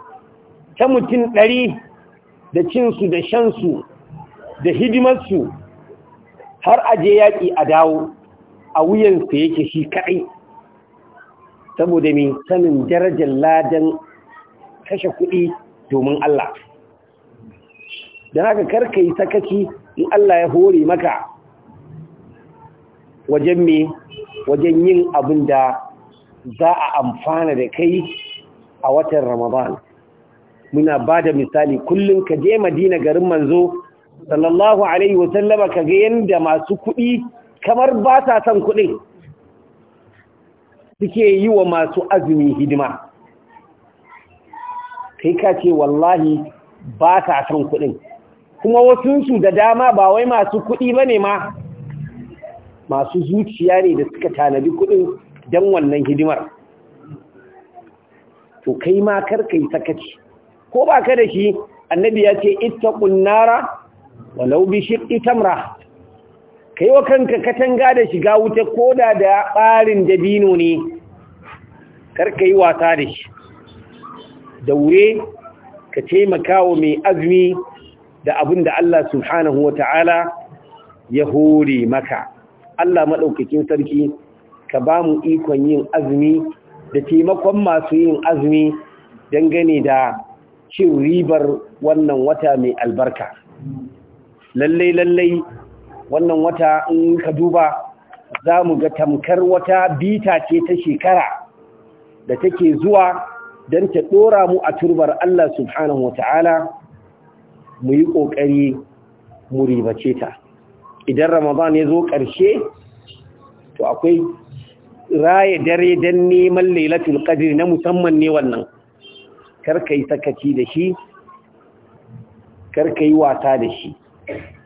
ta mutum ɗari da cinsu da shansu da hidimarsu har aje yaƙi a dawo a wuyansa yake shi kaɗai saboda mai sanin darajar ladan kashe kuɗi domin Allah don haka karka yi sakaci in Allah ya hore maka wajen me wajen yin abin da za a amfana da kai a watan Ramadan. Muna ba da misali kullum ka je Madina garin manzo, sallallahu Alaihi wasallama ka ga yadda masu kuɗi kamar ba sa son kuɗin suke yi wa masu azumi hidima. Kai ka ce wallahi ba sa son kuɗin. Kuma wasunsu da dama ba wai masu kuɗi ba ne ma, masu zuciya ne da suka tanadi kuɗin don wannan hidimar to kai ma karka yi sakaci ko ba ka da shi annabi ya ce ita ƙunnara walau bishir itamra ka wa kanka katanga da shiga wuta ko da da ɓarin dabino ne karka yi wasa da shi daure ka taimaka wa mai azumi da abin da Allah subhanahu wa ta'ala ya hore maka Allah maɗaukakin sarki ka ba mu ikon yin azumi da taimakon masu yin azumi dangane da cin ribar wannan wata mai albarka lallai lallai wannan wata in ka duba za mu ga tamkar wata bita ce ta shekara da take zuwa don ta ɗora mu a turbar Allah subhanahu wa ta'ala mu yi ƙoƙari mu ribace ta idan ramadan ya zo ƙarshe to akwai raye dare don neman lailatul qadri na musamman ne wannan karka yi sakaci da shi karka yi wasa da shi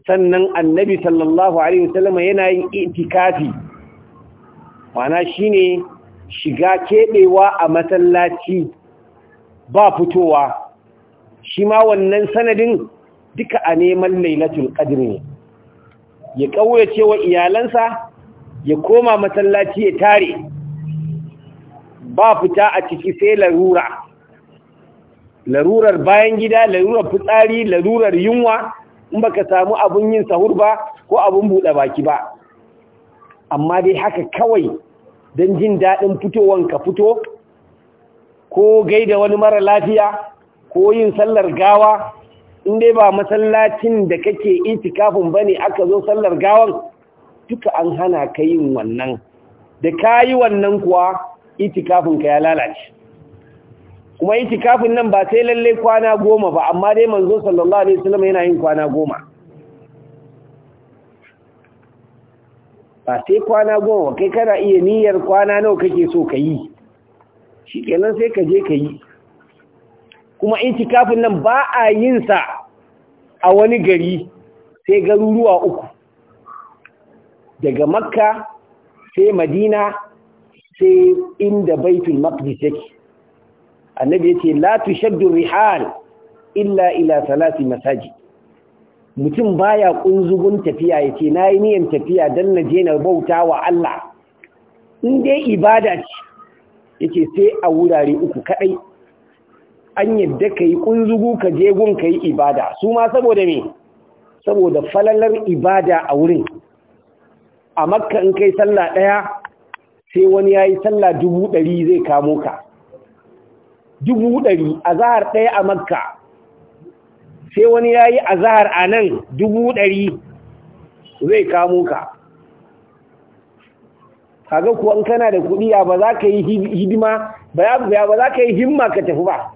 sannan annabi sallallahu alaihi wasallam yana yin itikafi mana shine shiga kebewa a masallaci ba fitowa shi ma wannan sanadin duka a neman lailatul qadri ne ya kaurace wa iyalansa ya koma masallaci ya tare ba fita a ciki sai larura larurar bayan gida larurar fitsari larurar yunwa in baka samu abun yin sahur ba ko abun buɗe baki ba amma dai haka kawai don jin daɗin fitowan ka fito ko gaida wani mara lafiya ko yin sallar gawa in dai ba masallacin da kake itikafin bane aka zo sallar gawan duka an hana ka yin wannan da ka yi wannan kuwa itikafin ka ya lalace kuma itikafin nan ba sai lalle kwana goma ba amma dai manzo sallallahu alaihi wasallam yana yin kwana goma ba sai kwana goma kai kana iya niyyar kwana nawa kake so ka yi shi kenan sai ka je ka yi kuma itikafin nan ba a yinsa a wani gari sai garuruwa uku daga makka sai madina sai inda baitul maqdis yake annabi yace la tushaddu rihal illa ila salati masaji. mutum baya kunzugun tafiya yace nayi niyan tafiya dan naje na bauta wa Allah in dai ibada ce yace sai a wurare uku kadai an yadda kai kunzugu ka je gun kai ibada su ma saboda me saboda falalar ibada a wurin a makka in kai sallah ɗaya sai wani ya yi sallah dubu ɗari zai kamo ka dubu ɗari a zahar ɗaya a makka sai wani ya yi a zahar a nan dubu ɗari zai kamo ka kaga kuwa in kana da kuɗi ya ba za ka yi hidima ba za ka yi himma ka tafi ba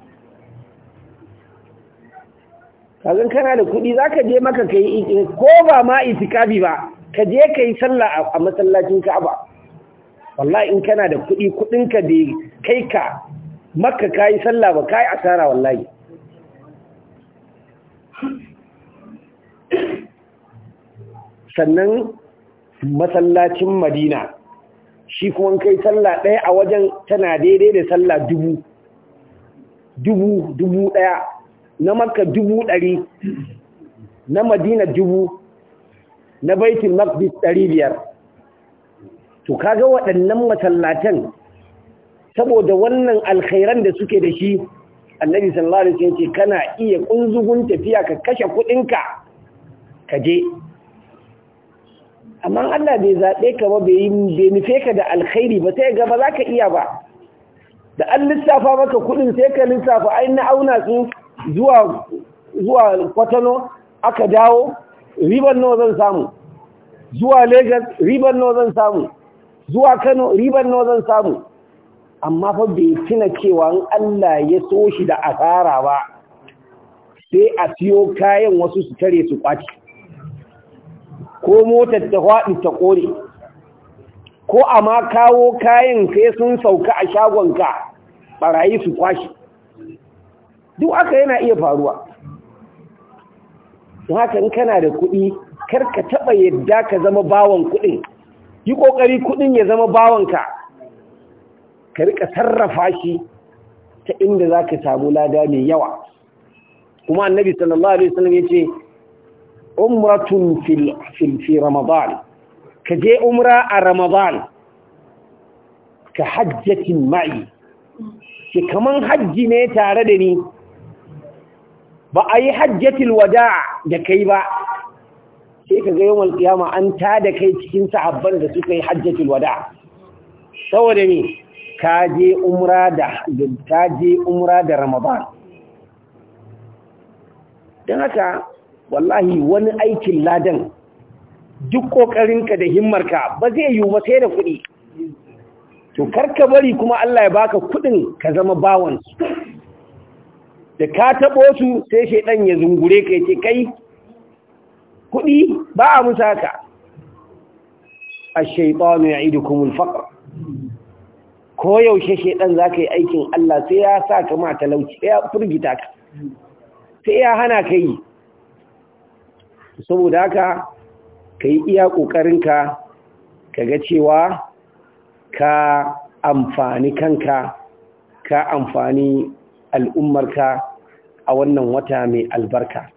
kaga kana da kuɗi za ka je maka ka yi ko ba ma itikafi ba ka je ka yi sallah a masallacin ka'aba wallahi in kana da kuɗi kuɗinka da kai ka makka ka yi sallah ba ka yi asara wallahi sannan masallacin madina shi kuma kai sallah ɗaya a wajen tana daidai da sallah dubu dubu dubu ɗaya na makka dubu ɗari na madina dubu na baitul maqdis 500 to kaga waɗannan masallatan saboda wannan alkhairan da suke da shi annabi sallallahu alaihi wasallam ce kana iya kunzugun tafiya ka kashe kudinka ka je amma Allah bai zabe ka ba bai bai nufe ka da alkhairi ba sai ga ba za ka iya ba da an lissafa maka kudin sai ka lissafa ai na auna su zuwa zuwa kwatano aka dawo riban nawa zan samu zuwa Legas ribar nawa zan samu zuwa Kano riban nawa zan samu amma fa bai tuna cewa in Allah ya so shi da asara ba sai a siyo kayan wasu su tare su kwaci ko motar ta faɗi ta kore ko a kawo kayan sai sun sauka a shagonka barayi su kwashi duk aka yana iya faruwa don haka in kana da kuɗi kar ka taɓa yadda ka zama bawan kuɗin yi ƙoƙari kuɗin ya zama bawanka ka riƙa sarrafa shi ta inda za ka samu lada mai yawa kuma annabi sallallahu alaihi wasallam ya ce umratun fi ramadan ka je umra a ramadan ka hajjatin ma'i ke kaman hajji ne tare da ni ba a yi hajjatul wada da kai ba sai ka ga yawan kiyama an ta da kai cikin sahabban da suka yi hajjatul wada. saboda ne ka je umra da ka je umra da ramadan dan haka wallahi wani aikin ladan duk kokarinka da himmarka ba zai yi ba sai da kuɗi to karka bari kuma Allah ya baka kuɗin ka zama bawansu da ka taɓo su sai shaidan ya zungure ka ce kai kuɗi ba a musa ka a shaitanu ya idu kumul faƙar ko yaushe shaidan za ka yi aikin Allah sai ya sa ka ma talauci ya furgita ka sai ya hana ka yi saboda ka, ka yi iya ƙoƙarinka ka ga cewa ka amfani kanka ka amfani al'ummarka a wannan wata mai albarka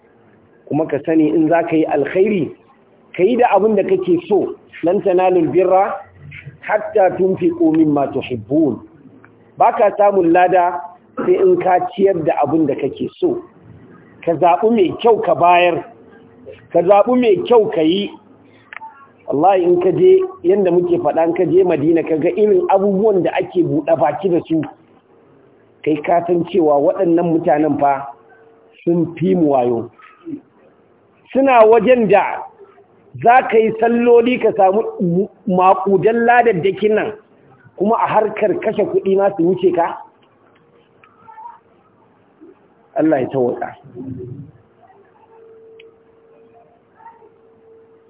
kuma ka sani in za ka yi alkhairi ka yi da abin da kake so ta nalin birra hatta tun fi mata mimma Ba ka samun lada sai in ka ciyar da abin da kake so ka zaɓi mai kyau ka bayar ka zaɓi mai kyau ka yi wallahi in ka je yadda muke faɗa ka je madina ka ga irin abubuwan da ake buɗe baki da su kai ka cewa waɗannan mutanen fa sun fi mu wayo suna wajen da za ka yi salloli ka samu makudan ladaddakin nan kuma a harkar kashe kuɗi ma su wuce ka Allah ya tawaka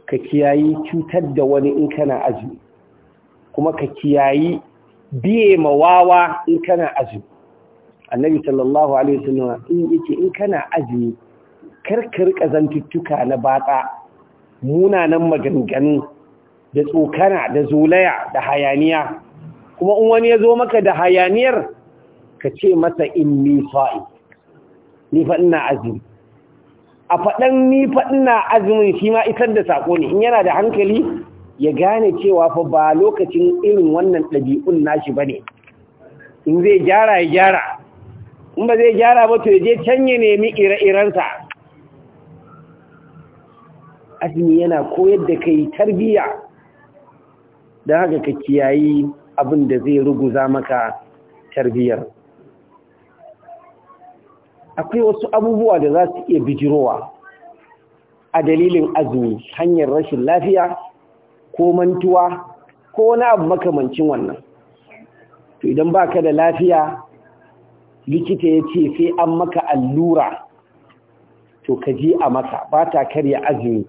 ka kiyayi cutar da wani in kana azumi kuma ka kiyayi biye mawawa in kana azumi annabi sallallahu alaihi wasallam in yake in kana azumi karkar kazantuttuka na batsa munanan maganganu da tsokana da zolaya da hayaniya kuma in wani ya zo maka da hayaniyar ka ce masa inni fa'i ni fa azumi a faɗan ni fa ina azumin shi ma isar da sako ne in yana da hankali ya gane cewa fa ba lokacin irin wannan ɗabi'un nashi bane in zai gyara ya gyara in zai gyara ba to je can ya nemi ire-irensa azumi yana koyar da kai tarbiya don haka ka kiyayi abin da zai ruguza maka tarbiyar akwai wasu abubuwa da za su iya bijirowa a dalilin azumi hanyar rashin lafiya ko mantuwa ko wani abu makamancin wannan to idan ba ka da lafiya likita ya ce sai an maka allura to ka je a maka ba ta karya azumi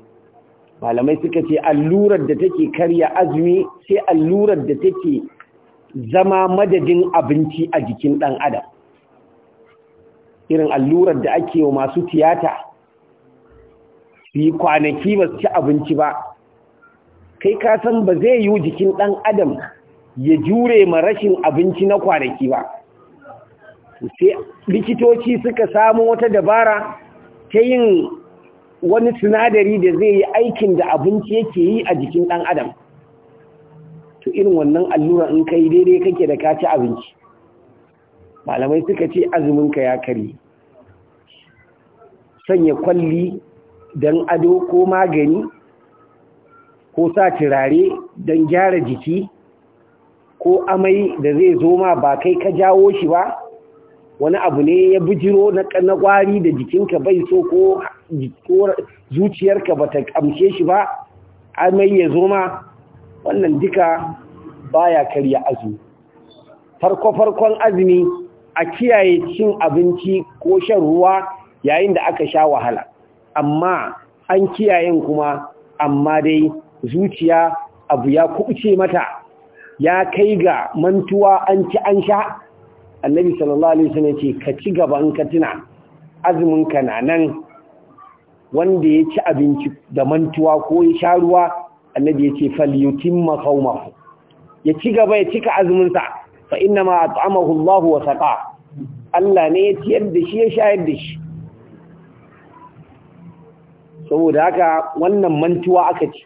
malamai suka ce allurar da take karya azumi sai allurar da take zama madadin abinci a jikin ɗan adam irin allurar da ake wa masu tiyata su yi kwanaki ba su ci abinci ba kai kasan ba zai yi jikin ɗan adam ya jure ma rashin abinci na kwanaki ba sai likitoci suka samu wata dabara ta yin wani sinadari da zai yi aikin da abinci yake yi a jikin ɗan adam to irin wannan allura in kai daidai kake da kaci abinci malamai suka ce azuminka ya kari sanya kwalli don ado ko magani ko sa turare don gyara jiki ko amai da zai zo ma ba kai ka jawo shi ba wani abu ne ya bijiro na kwari da jikinka bai so ko zuciyarka ba ta kamshe shi ba mai ya zo ma wannan duka baya karya azumi farko-farkon azumi a kiyaye cin abinci ko shan ruwa yayin da aka sha wahala amma an kiyaye kuma amma dai zuciya abu ya kubuce mata ya kai ga mantuwa an ci an sha annabi sallallahu alaihi wasallam yace ka ci gaban ka tuna azumin ka na nan wanda ya ci abinci da mantuwa ko ya sha ruwa annabi yace fal yutimma qaumahu ya ci gaba ya cika azumin sa fa inna ma at'amahu Allahu wa saqa Allah ne ya yadda shi ya shayar da shi saboda haka wannan mantuwa aka ci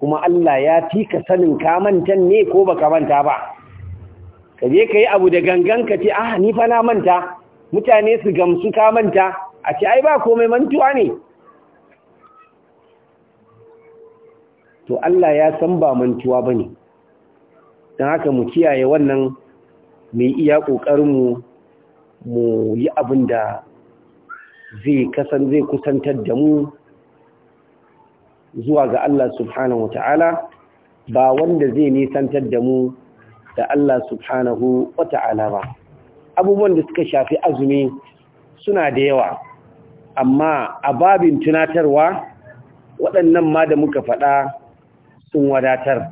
kuma Allah ya fi ka sanin ka mantan ne ko baka manta ba ka je ka yi abu da gangan ka ce ah ni fa na manta mutane su gamsu ka manta a ce ai ba komai mantuwa ne to Allah ya san ba mantuwa ba ne don haka mu kiyaye wannan mai iya ƙoƙarinmu mu yi abin da zai kasan zai kusantar da mu zuwa ga Allah subhanahu wa ta'ala ba wanda zai nisantar da mu da Allah subhanahu wa ta'ala ba abubuwan da suka shafi azumi suna da yawa amma a babin tunatarwa waɗannan ma da muka faɗa sun wadatar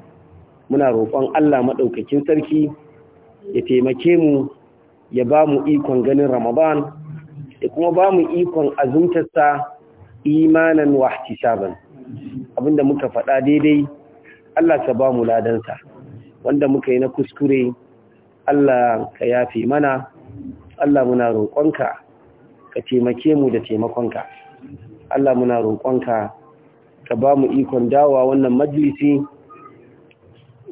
muna roƙon Allah maɗaukakin sarki ya taimake mu ya ba mu ikon ganin ramadan ya kuma ba mu ikon azumtarsa imanan Abin abinda muka faɗa daidai Allah ka ba mu ladansa wanda muka yi na kuskure Allah ka yafi mana Allah muna roƙonka ka taimake mu da taimakonka Allah muna roƙonka ka ba mu ikon dawowa wannan majalisi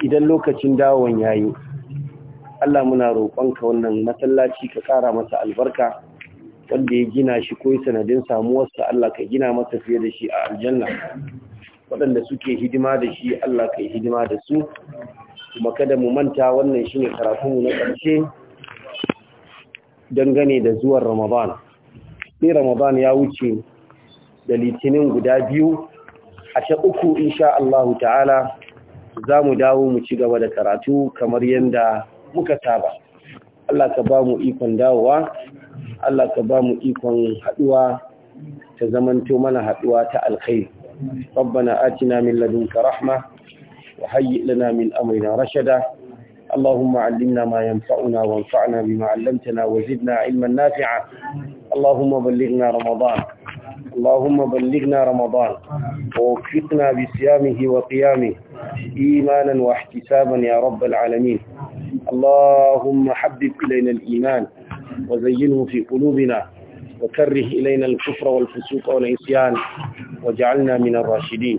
idan lokacin dawon yayi Allah muna roƙonka wannan masallaci ka ƙara masa albarka wanda ya gina shi ko sanadin samuwarsa Allah ka gina masa fiye da shi a aljanna waɗanda suke hidima da shi Allah ka yi hidima da su kuma kada mu manta wannan shine mu na ƙarshe dangane da zuwan Ramadan Ni Ramadan ya wuce da litinin guda biyu a ta uku insha Allah ta'ala za mu dawo mu ci gaba da karatu kamar yadda muka saba Allah ka ba mu ikon dawowa Allah ka ba mu ikon haduwa ta zamanto mana haduwa ta alkhairi ربنا آتنا من لدنك رحمه وهيئ لنا من أمرنا رشدا اللهم علمنا ما ينفعنا وانفعنا بما علمتنا وزدنا علما نافعا اللهم بلغنا رمضان اللهم بلغنا رمضان ووفقنا بصيامه وقيامه إيمانا واحتسابا يا رب العالمين اللهم حبب إلينا الإيمان وزينه في قلوبنا وكره إلينا الكفر والفسوق والعصيان واجعلنا من الراشدين